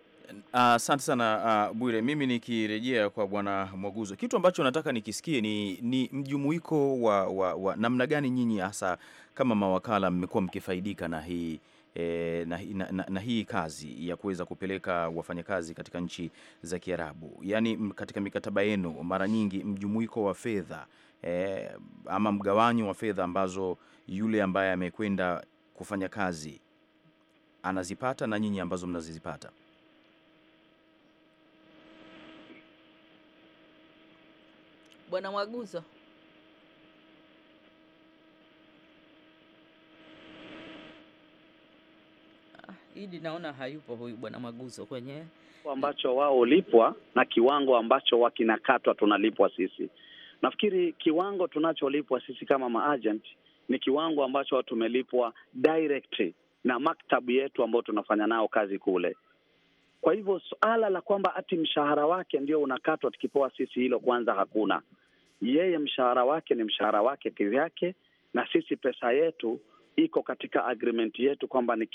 Asante uh, sana uh, Bwire. Mimi nikirejea kwa bwana Mwaguzo, kitu ambacho nataka nikisikie ni, ni mjumuiko wa, wa, wa namna gani nyinyi hasa kama mawakala mmekuwa mkifaidika na hii e, na, na, na, na hii kazi ya kuweza kupeleka wafanyakazi katika nchi za Kiarabu, yaani katika mikataba yenu mara nyingi mjumuiko wa fedha e, ama mgawanyo wa fedha ambazo yule ambaye amekwenda kufanya kazi anazipata na nyinyi ambazo mnazizipata Bwana Mwaguzo, Idi, naona hayupo huyu bwana Maguzo kwenye ambacho wao ulipwa na kiwango ambacho wakinakatwa tunalipwa sisi. Nafikiri kiwango tunacholipwa sisi kama maagent ni kiwango ambacho tumelipwa directly na maktabu yetu ambayo tunafanya nao kazi kule. Kwa hivyo suala la kwamba ati mshahara wake ndio unakatwa tukipoa sisi, hilo kwanza hakuna. Yeye mshahara wake ni mshahara wake kivyake, na sisi pesa yetu iko katika agreement yetu kwamba ni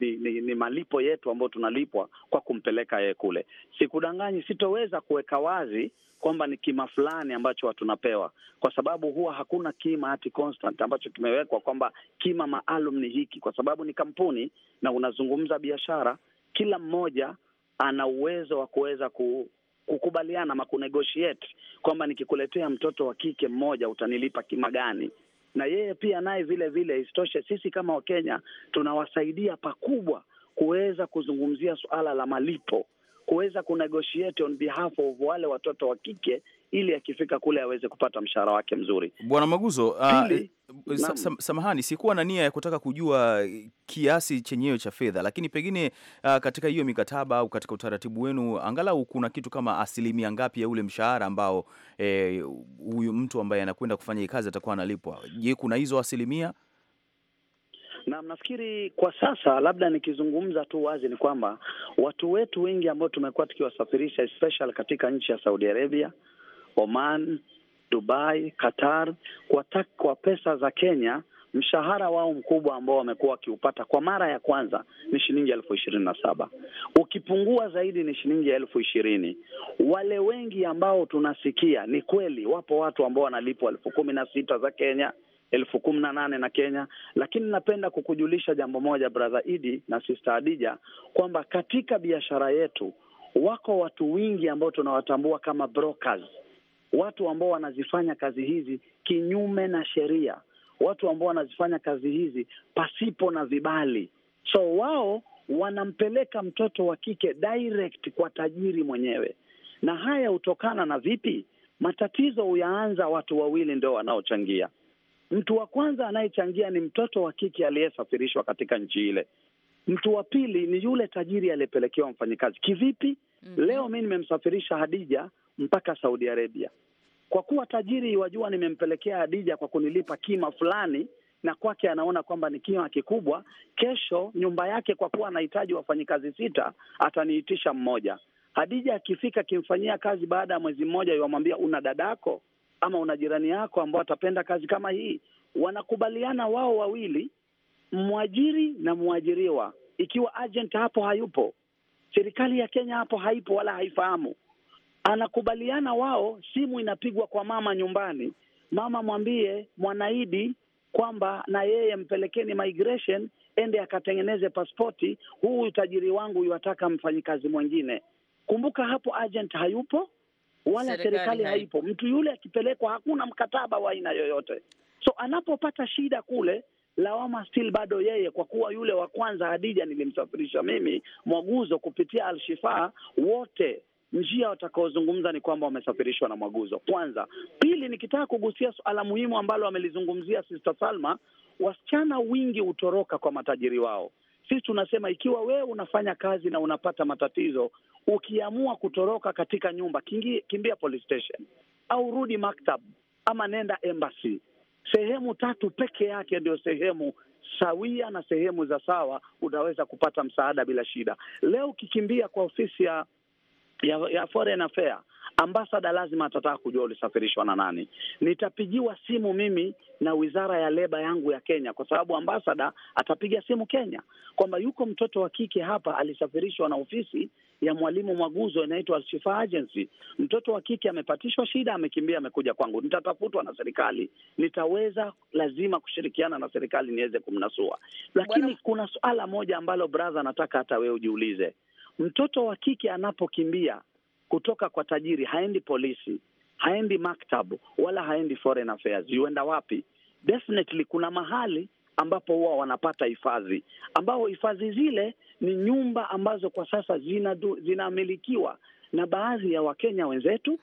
ni, ni, ni malipo yetu ambayo tunalipwa kwa kumpeleka yeye kule. Sikudanganyi, sitoweza kuweka wazi kwamba ni kima fulani ambacho watunapewa tunapewa, kwa sababu huwa hakuna kima hati constant ambacho kimewekwa kwamba kima maalum ni hiki, kwa sababu ni kampuni na unazungumza biashara, kila mmoja ana uwezo wa kuweza ku kukubaliana ama kunegotiate kwamba nikikuletea mtoto wa kike mmoja utanilipa kima gani? na yeye pia naye vile vile. Isitoshe, sisi kama Wakenya tunawasaidia pakubwa kuweza kuzungumzia suala la malipo, kuweza kunegotiate on behalf of wale watoto wa kike ili akifika kule aweze kupata mshahara wake mzuri. Bwana Maguzo, ah, eh, samahani, sikuwa na nia ya kutaka kujua kiasi chenyewe cha fedha, lakini pengine uh, katika hiyo mikataba au katika utaratibu wenu angalau kuna kitu kama asilimia ngapi ya ule mshahara ambao eh, huyu eh, mtu ambaye anakwenda kufanya hii kazi atakuwa analipwa? Je, kuna hizo asilimia? Naam, nafikiri kwa sasa, labda nikizungumza tu wazi, ni kwamba watu wetu wengi ambao tumekuwa tukiwasafirisha especially katika nchi ya Saudi Arabia Oman, Dubai, Qatar kwa, ta, kwa pesa za Kenya. Mshahara wao mkubwa ambao wamekuwa wakiupata kwa mara ya kwanza ni shilingi elfu ishirini na saba. Ukipungua zaidi ni shilingi elfu ishirini. Wale wengi ambao tunasikia ni kweli, wapo watu ambao wanalipwa elfu kumi na sita za Kenya, elfu kumi na nane na Kenya, lakini napenda kukujulisha jambo moja, brother Idi na sister Adija, kwamba katika biashara yetu wako watu wengi ambao tunawatambua kama brokers watu ambao wanazifanya kazi hizi kinyume na sheria, watu ambao wanazifanya kazi hizi pasipo na vibali. So wao wanampeleka mtoto wa kike direct kwa tajiri mwenyewe, na haya hutokana na vipi? Matatizo huyaanza watu wawili ndio wanaochangia. Mtu wa kwanza anayechangia ni mtoto wa kike aliyesafirishwa katika nchi ile. Mtu wa pili ni yule tajiri aliyepelekewa mfanyikazi. Kivipi? mm -hmm. Leo mi nimemsafirisha Hadija mpaka Saudi Arabia. Kwa kuwa tajiri wajua, nimempelekea Hadija kwa kunilipa kima fulani, na kwake anaona kwamba ni kima kikubwa. Kesho nyumba yake, kwa kuwa anahitaji wafanyikazi sita, ataniitisha mmoja. Hadija akifika, akimfanyia kazi, baada ya mwezi mmoja, iwamwambia una dadako ama una jirani yako ambao atapenda kazi kama hii. Wanakubaliana wao wawili, mwajiri na mwajiriwa. Ikiwa agent hapo hayupo, serikali ya Kenya hapo haipo wala haifahamu anakubaliana wao, simu inapigwa kwa mama nyumbani, mama mwambie Mwanaidi kwamba na yeye mpelekeni migration, ende akatengeneze paspoti, huu utajiri wangu yuwataka mfanyikazi mwingine. Kumbuka hapo agent hayupo wala serikali haipo, mtu yule akipelekwa, hakuna mkataba wa aina yoyote. So anapopata shida kule, lawama still bado yeye, kwa kuwa yule wa kwanza Hadija nilimsafirisha mimi mwaguzo kupitia Alshifa, wote njia watakaozungumza ni kwamba wamesafirishwa na Mwaguzo kwanza. Pili, nikitaka kugusia suala muhimu ambalo amelizungumzia Sister Salma, wasichana wingi hutoroka kwa matajiri wao. Sisi tunasema ikiwa wewe unafanya kazi na unapata matatizo, ukiamua kutoroka katika nyumba, kimbia police station au rudi maktab ama nenda embassy. Sehemu tatu peke yake ndio sehemu sawia na sehemu za sawa unaweza kupata msaada bila shida. Leo ukikimbia kwa ofisi ya ya, ya foreign affair ambasada lazima atataka kujua ulisafirishwa na nani. Nitapigiwa simu mimi na wizara ya leba yangu ya Kenya, kwa sababu ambasada atapiga simu Kenya kwamba yuko mtoto wa kike hapa alisafirishwa na ofisi ya mwalimu Mwaguzo inaitwa Alshifa Agency. Mtoto wa kike amepatishwa shida, amekimbia, amekuja kwangu. Nitatafutwa na serikali, nitaweza lazima kushirikiana na serikali niweze kumnasua, lakini Bwana... kuna suala moja ambalo brother, anataka hata wewe ujiulize Mtoto wa kike anapokimbia kutoka kwa tajiri, haendi polisi, haendi maktabu, wala haendi foreign affairs. Yuenda wapi? Definitely kuna mahali ambapo huwa wanapata hifadhi, ambao hifadhi zile ni nyumba ambazo kwa sasa zinamilikiwa zina na baadhi ya Wakenya wenzetu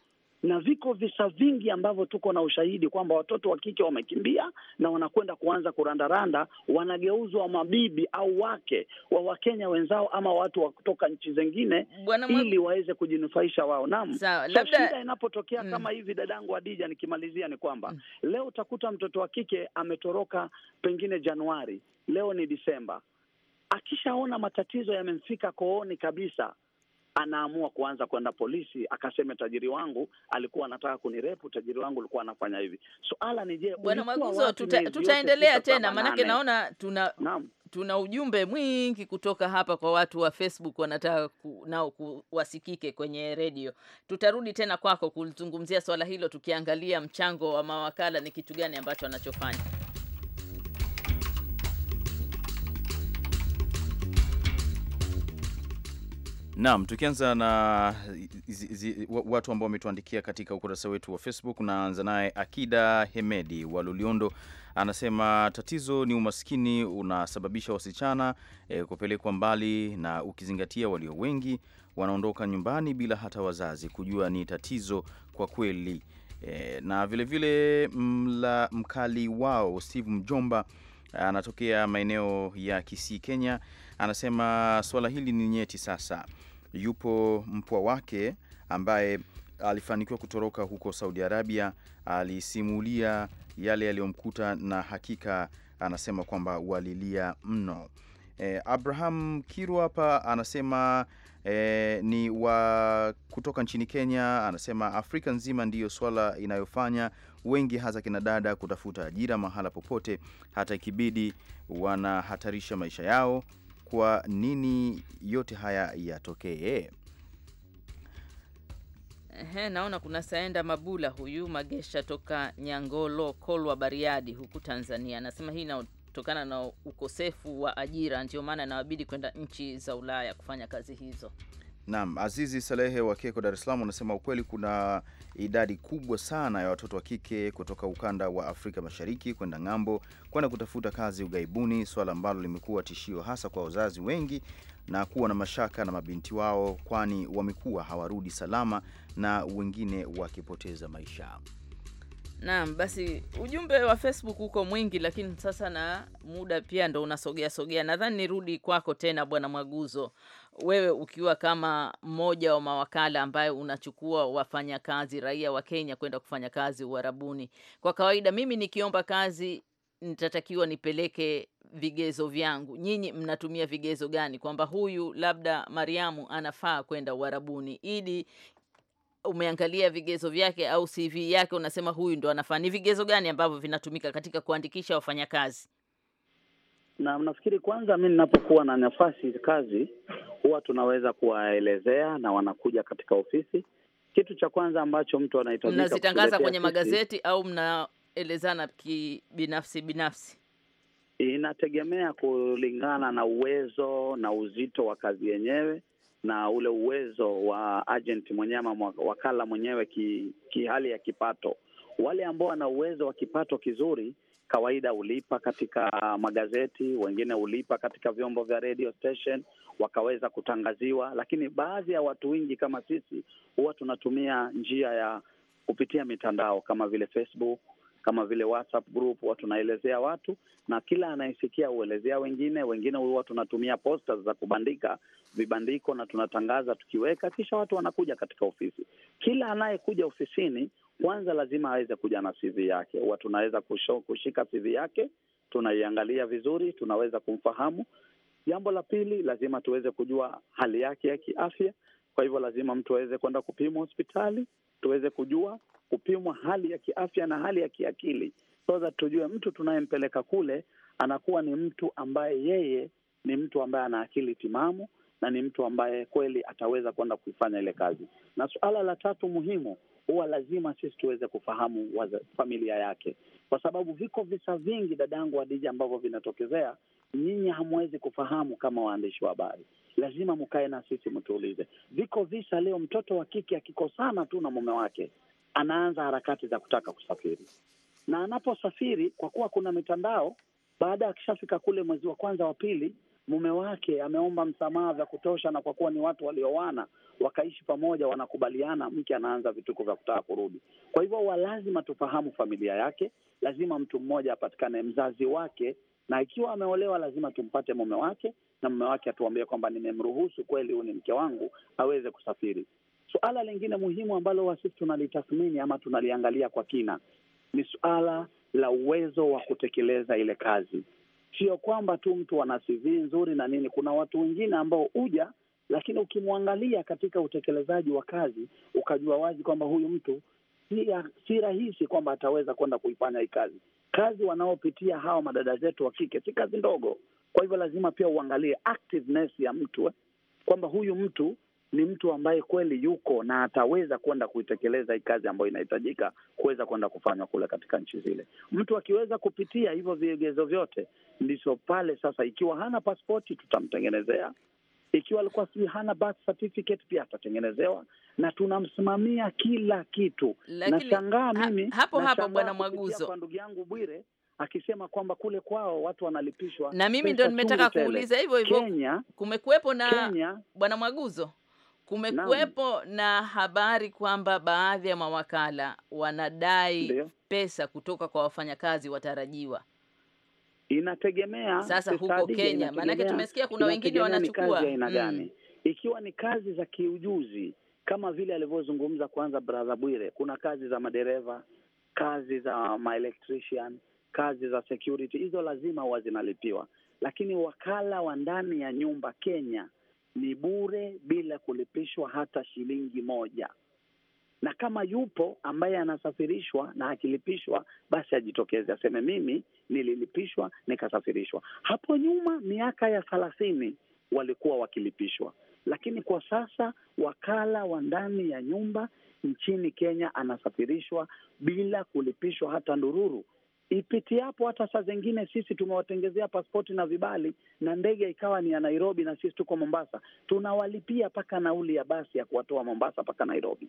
na viko visa vingi ambavyo tuko na ushahidi kwamba watoto wa kike wamekimbia na wanakwenda kuanza kurandaranda, wanageuzwa mabibi au wake wa Wakenya wenzao ama watu wa kutoka nchi zingine ili waweze kujinufaisha wao. Naam, labda... inapotokea mm. kama hivi, dadangu Adija, nikimalizia ni kwamba mm. leo utakuta mtoto wa kike ametoroka pengine Januari, leo ni Disemba, akishaona matatizo yamemfika kooni kabisa anaamua kuanza kwenda polisi akaseme tajiri wangu alikuwa anataka kunirepu, tajiri wangu alikuwa anafanya hivi. Suala ni je, bwana Mwaguzo, tuta, tutaendelea tena maanake naona tuna naam tuna ujumbe mwingi kutoka hapa kwa watu wa Facebook wanataka ku, nao kuwasikike kwenye redio. Tutarudi tena kwako kuzungumzia swala hilo, tukiangalia mchango wa mawakala ni kitu gani ambacho anachofanya Naam, tukianza na zi, zi, watu ambao wametuandikia katika ukurasa wetu wa Facebook. Naanza naye Akida Hemedi wa Luliondo, anasema tatizo ni umaskini unasababisha wasichana e, kupelekwa mbali, na ukizingatia walio wengi wanaondoka nyumbani bila hata wazazi kujua, ni tatizo kwa kweli e, na vilevile vile mla mkali wao Steve Mjomba anatokea maeneo ya Kisii, Kenya. Anasema suala hili ni nyeti sasa. Yupo mpwa wake ambaye alifanikiwa kutoroka huko Saudi Arabia, alisimulia yale yaliyomkuta, na hakika anasema kwamba walilia mno. E, Abraham Kiru hapa anasema e, ni wa kutoka nchini Kenya. Anasema Afrika nzima ndiyo swala inayofanya wengi hasa kina dada kutafuta ajira mahala popote, hata ikibidi wanahatarisha maisha yao kwa nini yote haya yatokee? He, naona kuna Saenda Mabula huyu Magesha toka Nyangolo Kolwa, Bariadi huku Tanzania, anasema hii inatokana na ukosefu wa ajira, ndio maana inawabidi kwenda nchi za Ulaya kufanya kazi hizo. Naam, Azizi Salehe wa Keko, Dar es Salaam, anasema ukweli kuna idadi kubwa sana ya watoto wa kike kutoka ukanda wa Afrika Mashariki kwenda ng'ambo kwenda kutafuta kazi ughaibuni, swala ambalo limekuwa tishio hasa kwa wazazi wengi na kuwa na mashaka na mabinti wao, kwani wamekuwa hawarudi salama na wengine wakipoteza maisha. Naam, basi ujumbe wa Facebook huko mwingi, lakini sasa na muda pia ndo unasogea sogea. Nadhani nirudi kwako tena Bwana Mwaguzo wewe ukiwa kama mmoja wa mawakala ambaye unachukua wafanyakazi raia wa Kenya kwenda kufanya kazi Uarabuni, kwa kawaida mimi nikiomba kazi nitatakiwa nipeleke vigezo vyangu. Nyinyi mnatumia vigezo gani, kwamba huyu labda Mariamu anafaa kwenda Uarabuni? Idi, umeangalia vigezo vyake au CV yake, unasema huyu ndo anafaa? Ni vigezo gani ambavyo vinatumika katika kuandikisha wafanyakazi? nam nafikiri kwanza, mi ninapokuwa na nafasi kazi huwa tunaweza kuwaelezea na wanakuja katika ofisi. Kitu cha kwanza ambacho mtu anahitajika, mnazitangaza kwenye magazeti au mnaelezana kibinafsi binafsi? Inategemea kulingana na uwezo na uzito wa kazi yenyewe na ule uwezo wa agent mwenyewe ama wakala mwenyewe kihali ki ya kipato. Wale ambao wana uwezo wa kipato kizuri kawaida hulipa katika magazeti, wengine hulipa katika vyombo vya radio station wakaweza kutangaziwa, lakini baadhi ya watu wengi kama sisi huwa tunatumia njia ya kupitia mitandao kama vile Facebook kama vile WhatsApp group huwa tunaelezea watu, na kila anayesikia huelezea wengine. Wengine huwa tunatumia posters za kubandika vibandiko, na tunatangaza tukiweka, kisha watu wanakuja katika ofisi. Kila anayekuja ofisini kwanza lazima aweze kuja na CV yake. Huwa tunaweza kushika CV yake, tunaiangalia vizuri, tunaweza kumfahamu. Jambo la pili, lazima tuweze kujua hali yake ya kiafya. Kwa hivyo lazima mtu aweze kwenda kupimwa hospitali, tuweze kujua kupimwa hali ya kiafya na hali ya kiakili, so that tujue mtu tunayempeleka kule anakuwa ni mtu ambaye yeye ni mtu ambaye ana akili timamu na ni mtu ambaye kweli ataweza kwenda kuifanya ile kazi. Na suala la tatu muhimu huwa lazima sisi tuweze kufahamu waza, familia yake, kwa sababu viko visa vingi, dadangu Hadija, ambavyo vinatokezea nyinyi hamwezi kufahamu kama waandishi wa habari. Lazima mkae na sisi mtuulize. Viko visa leo, mtoto wa kike akikosana tu na mume wake anaanza harakati za kutaka kusafiri, na anaposafiri, kwa kuwa kuna mitandao, baada ya akishafika kule mwezi wa kwanza wa pili mume wake ameomba msamaha vya kutosha, na kwa kuwa ni watu walioana wakaishi pamoja, wanakubaliana, mke anaanza vituko vya kutaka kurudi. Kwa hivyo wa lazima tufahamu familia yake, lazima mtu mmoja apatikane, mzazi wake, na ikiwa ameolewa, lazima tumpate mume wake, na mume wake atuambie kwamba nimemruhusu kweli, huyu ni mke wangu, aweze kusafiri. Suala lingine muhimu ambalo sisi tunalitathmini ama tunaliangalia kwa kina ni suala la uwezo wa kutekeleza ile kazi. Sio kwamba tu mtu ana CV nzuri na nini. Kuna watu wengine ambao huja, lakini ukimwangalia katika utekelezaji wa kazi ukajua wazi kwamba huyu mtu si, si rahisi kwamba ataweza kwenda kuifanya hii kazi. Kazi wanaopitia hawa madada zetu wa kike si kazi ndogo. Kwa hivyo lazima pia uangalie activeness ya mtu eh, kwamba huyu mtu ni mtu ambaye kweli yuko na ataweza kwenda kuitekeleza hii kazi ambayo inahitajika kuweza kwenda kufanywa kule katika nchi zile. Mtu akiweza kupitia hivyo vigezo vyote, ndicho pale sasa, ikiwa hana paspoti tutamtengenezea ikiwa alikuwa sijui hana birth certificate pia atatengenezewa, na tunamsimamia kila kitu. Nashangaa mimi hapo hapo, Bwana Mwaguzo, kwa ndugu yangu Bwire akisema kwamba kule kwao watu wanalipishwa, na mimi ndo nimetaka kuuliza hivyo hivyo. Kumekuwepo na Bwana Mwaguzo Kumekuwepo na habari kwamba baadhi ya mawakala wanadai Ndiyo. pesa kutoka kwa wafanyakazi watarajiwa. Inategemea sasa huko Kenya, maanake tumesikia kuna wengine wanachukua aina hmm. gani mm. ikiwa ni kazi za kiujuzi kama vile alivyozungumza kwanza brother Bwire, kuna kazi za madereva, kazi za maelectrician, kazi za security, hizo lazima huwa zinalipiwa, lakini wakala wa ndani ya nyumba Kenya ni bure bila kulipishwa hata shilingi moja, na kama yupo ambaye anasafirishwa na akilipishwa, basi ajitokeze aseme, mimi nililipishwa nikasafirishwa. Hapo nyuma miaka ya thelathini walikuwa wakilipishwa, lakini kwa sasa wakala wa ndani ya nyumba nchini Kenya anasafirishwa bila kulipishwa hata ndururu, ipiti hapo. Hata saa zingine sisi tumewatengezea paspoti na vibali, na ndege ikawa ni ya Nairobi na sisi tuko Mombasa, tunawalipia mpaka nauli ya basi ya kuwatoa Mombasa mpaka Nairobi.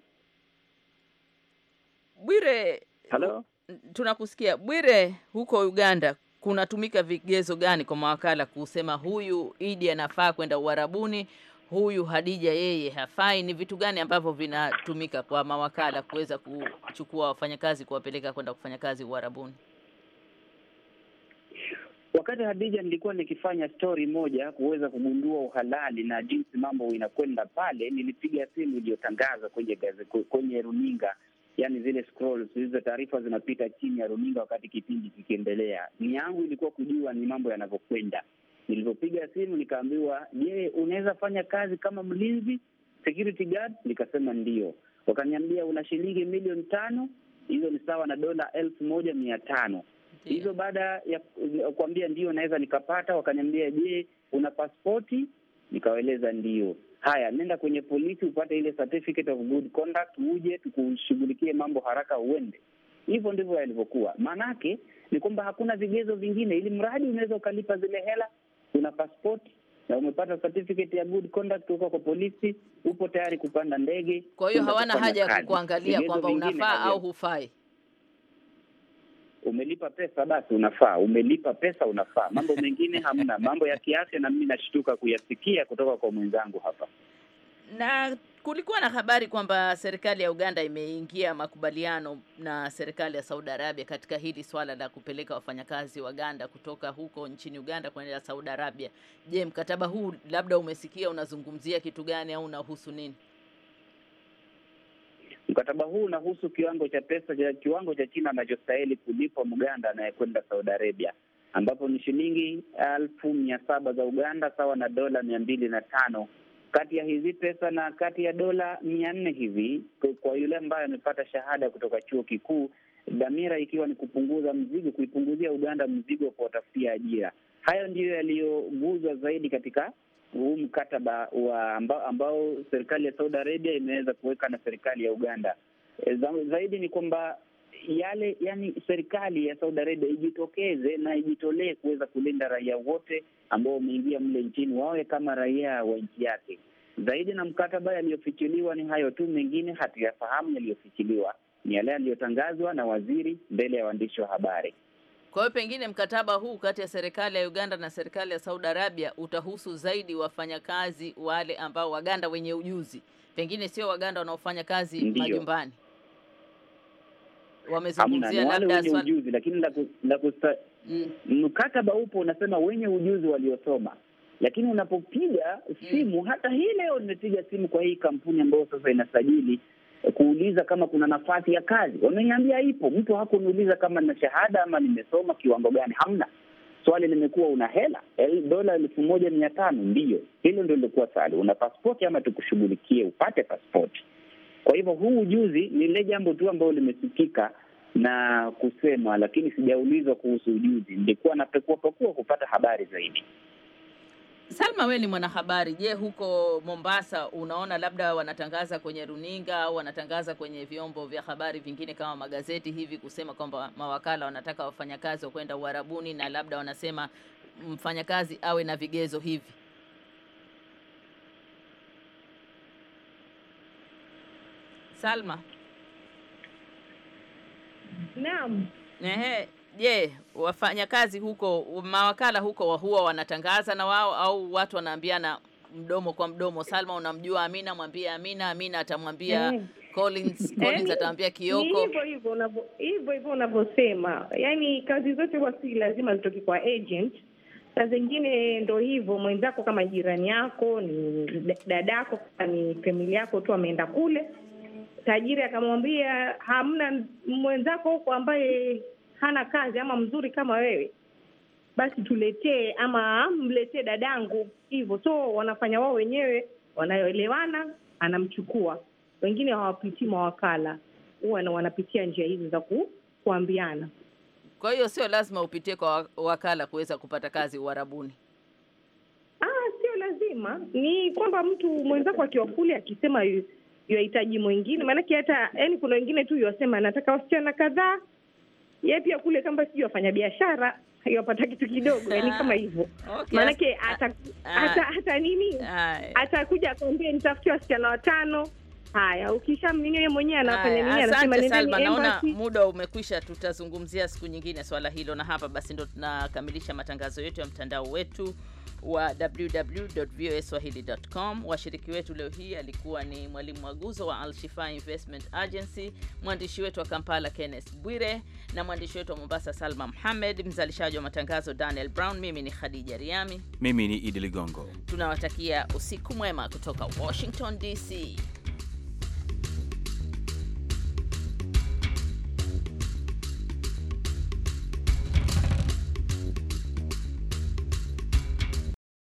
Bwire, halo, tunakusikia Bwire. Huko Uganda kunatumika vigezo gani kwa mawakala kusema huyu Idi anafaa kwenda uharabuni, huyu Hadija yeye hafai? Ni vitu gani ambavyo vinatumika kwa mawakala kuweza kuchukua wafanyakazi kuwapeleka kwenda kufanya kazi uharabuni? Wakati Hadija, nilikuwa nikifanya stori moja kuweza kugundua uhalali na jinsi mambo inakwenda pale, nilipiga simu iliyotangaza kwenye kwenye runinga, yani zile scrolls hizo, taarifa zinapita chini ya runinga wakati kipindi kikiendelea. Ni yangu ilikuwa kujua ni mambo yanavyokwenda. Nilivyopiga simu nikaambiwa, je, unaweza fanya kazi kama mlinzi security guard? Nikasema ndio. Wakaniambia una shilingi milioni tano, hizo ni sawa na dola elfu moja mia tano hivyo baada ya kuambia ndio, naweza nikapata, wakaniambia je, una pasipoti? Nikaeleza ndio. Haya, nenda kwenye polisi upate ile certificate of good conduct, uje tukushughulikie mambo haraka, uende. Hivyo ndivyo yalivyokuwa. Maanake ni kwamba hakuna vigezo vingine, ili mradi unaweza ukalipa zile hela, una pasipoti na umepata certificate ya good conduct, uko kwa polisi, upo tayari kupanda ndege. Kwa hiyo hawana haja ya kukuangalia kwamba unafaa au hufai. Umelipa pesa basi unafaa, umelipa pesa unafaa. Mambo <laughs> mengine hamna. Mambo ya kiafya na mimi nashtuka kuyasikia kutoka kwa mwenzangu hapa. Na kulikuwa na habari kwamba serikali ya Uganda imeingia makubaliano na serikali ya Saudi Arabia katika hili swala la kupeleka wafanyakazi wa Uganda kutoka huko nchini Uganda kwenda Saudi Arabia. Je, mkataba huu labda umesikia unazungumzia kitu gani au unahusu nini? Mkataba huu unahusu kiwango cha pesa cha kiwango cha China anachostahili kulipwa Mganda anayekwenda Saudi Arabia, ambapo ni shilingi elfu mia saba za Uganda sawa na dola mia mbili na tano kati ya hizi pesa na kati ya dola mia nne hivi kwa yule ambaye amepata shahada kutoka chuo kikuu, dhamira ikiwa ni kupunguza mzigo, kuipunguzia Uganda mzigo kwa kutafutia ajira. Hayo ndiyo yaliyoguzwa zaidi katika huu mkataba wa ambao, ambao serikali ya Saudi Arabia imeweza kuweka na serikali ya Uganda. E, zaidi ni kwamba yale yani, serikali ya Saudi Arabia ijitokeze na ijitolee kuweza kulinda raia wote ambao wameingia mle nchini, wawe kama raia wa nchi yake. Zaidi na mkataba, yaliyofikiliwa ni hayo tu, mengine hatuyafahamu. yaliyofikiliwa ni yale yaliyotangazwa na waziri mbele ya waandishi wa habari. Kwa hiyo pengine mkataba huu kati ya serikali ya Uganda na serikali ya Saudi Arabia utahusu zaidi wafanyakazi wale ambao Waganda wenye ujuzi, pengine sio Waganda wanaofanya kazi majumbani. Wamezungumzia labda wenye ujuzi, lakini la la kusta... mm. mkataba upo unasema wenye ujuzi waliosoma, lakini unapopiga mm. simu mm. hata hii leo nimepiga simu kwa hii kampuni ambayo sasa inasajili kuuliza kama kuna nafasi ya kazi. Wameniambia ipo. Mtu hakuniuliza kama nina shahada ama nimesoma kiwango gani, hamna. Swali limekuwa una hela dola elfu moja mia tano? Ndiyo, hilo ndio lilikuwa swali. Una paspoti ama tukushughulikie upate paspoti? Kwa hivyo huu ujuzi ni lile jambo tu ambalo limesikika na kusemwa, lakini sijaulizwa kuhusu ujuzi. Nilikuwa napekuapekua kupata habari zaidi. Salma, wewe ni mwanahabari. Je, huko Mombasa unaona labda wanatangaza kwenye runinga au wanatangaza kwenye vyombo vya habari vingine kama magazeti hivi kusema kwamba mawakala wanataka wafanyakazi wa kwenda Uarabuni na labda wanasema mfanyakazi awe na vigezo hivi? Salma. Naam. Ehe, Je, wafanyakazi huko mawakala huko huwa wanatangaza na wao au watu wanaambiana mdomo kwa mdomo? Salma, unamjua Amina, mwambie Amina. Amina atamwambia eh. Collins, <laughs> Collins yaani, atamwambia Kioko. Hivyo hivyo hivyo hivyo unavyosema, yani kazi zote huwa si lazima zitoke kwa agent. Saa zingine ndo hivyo, mwenzako kama jirani yako ni dadako, kama ni familia yako tu, ameenda kule tajiri akamwambia hamna mwenzako huko ambaye hana kazi ama mzuri kama wewe, basi tuletee ama mletee dadangu hivyo. So wanafanya wao wenyewe, wanaelewana, anamchukua. Wengine hawapitii mawakala, huwa wanapitia njia hizi za ku, kuambiana. Kwa hiyo sio lazima upitie kwa wakala kuweza kupata kazi Uarabuni. Ah, sio lazima, ni kwamba mtu mwenzako akiwa kule akisema yuahitaji mwingine, maanake hata yani, kuna wengine tu yuwasema anataka wasichana kadhaa yeye pia kule kama sio wafanya biashara iwapata kitu kidogo, yani kama ah, hivyo okay. Maanake hata ah, ah. nini atakuja akwambia nitafutia wasichana watano Haya, ukishamnini yeye mwenyewe anafanya nini? Anasema nendeni Salma. Naona muda umekwisha, tutazungumzia siku nyingine swala hilo, na hapa basi ndo tunakamilisha matangazo yetu ya mtandao wetu wa www.voaswahili.com. Washiriki wetu leo hii alikuwa ni Mwalimu Mwaguzo wa Alshifa Investment Agency, mwandishi wetu wa Kampala Kenneth Bwire na mwandishi wetu wa Mombasa Salma Mohamed, mzalishaji wa matangazo Daniel Brown. Mimi ni Khadija Riami, mimi ni Idi Ligongo. Tunawatakia usiku mwema kutoka Washington DC.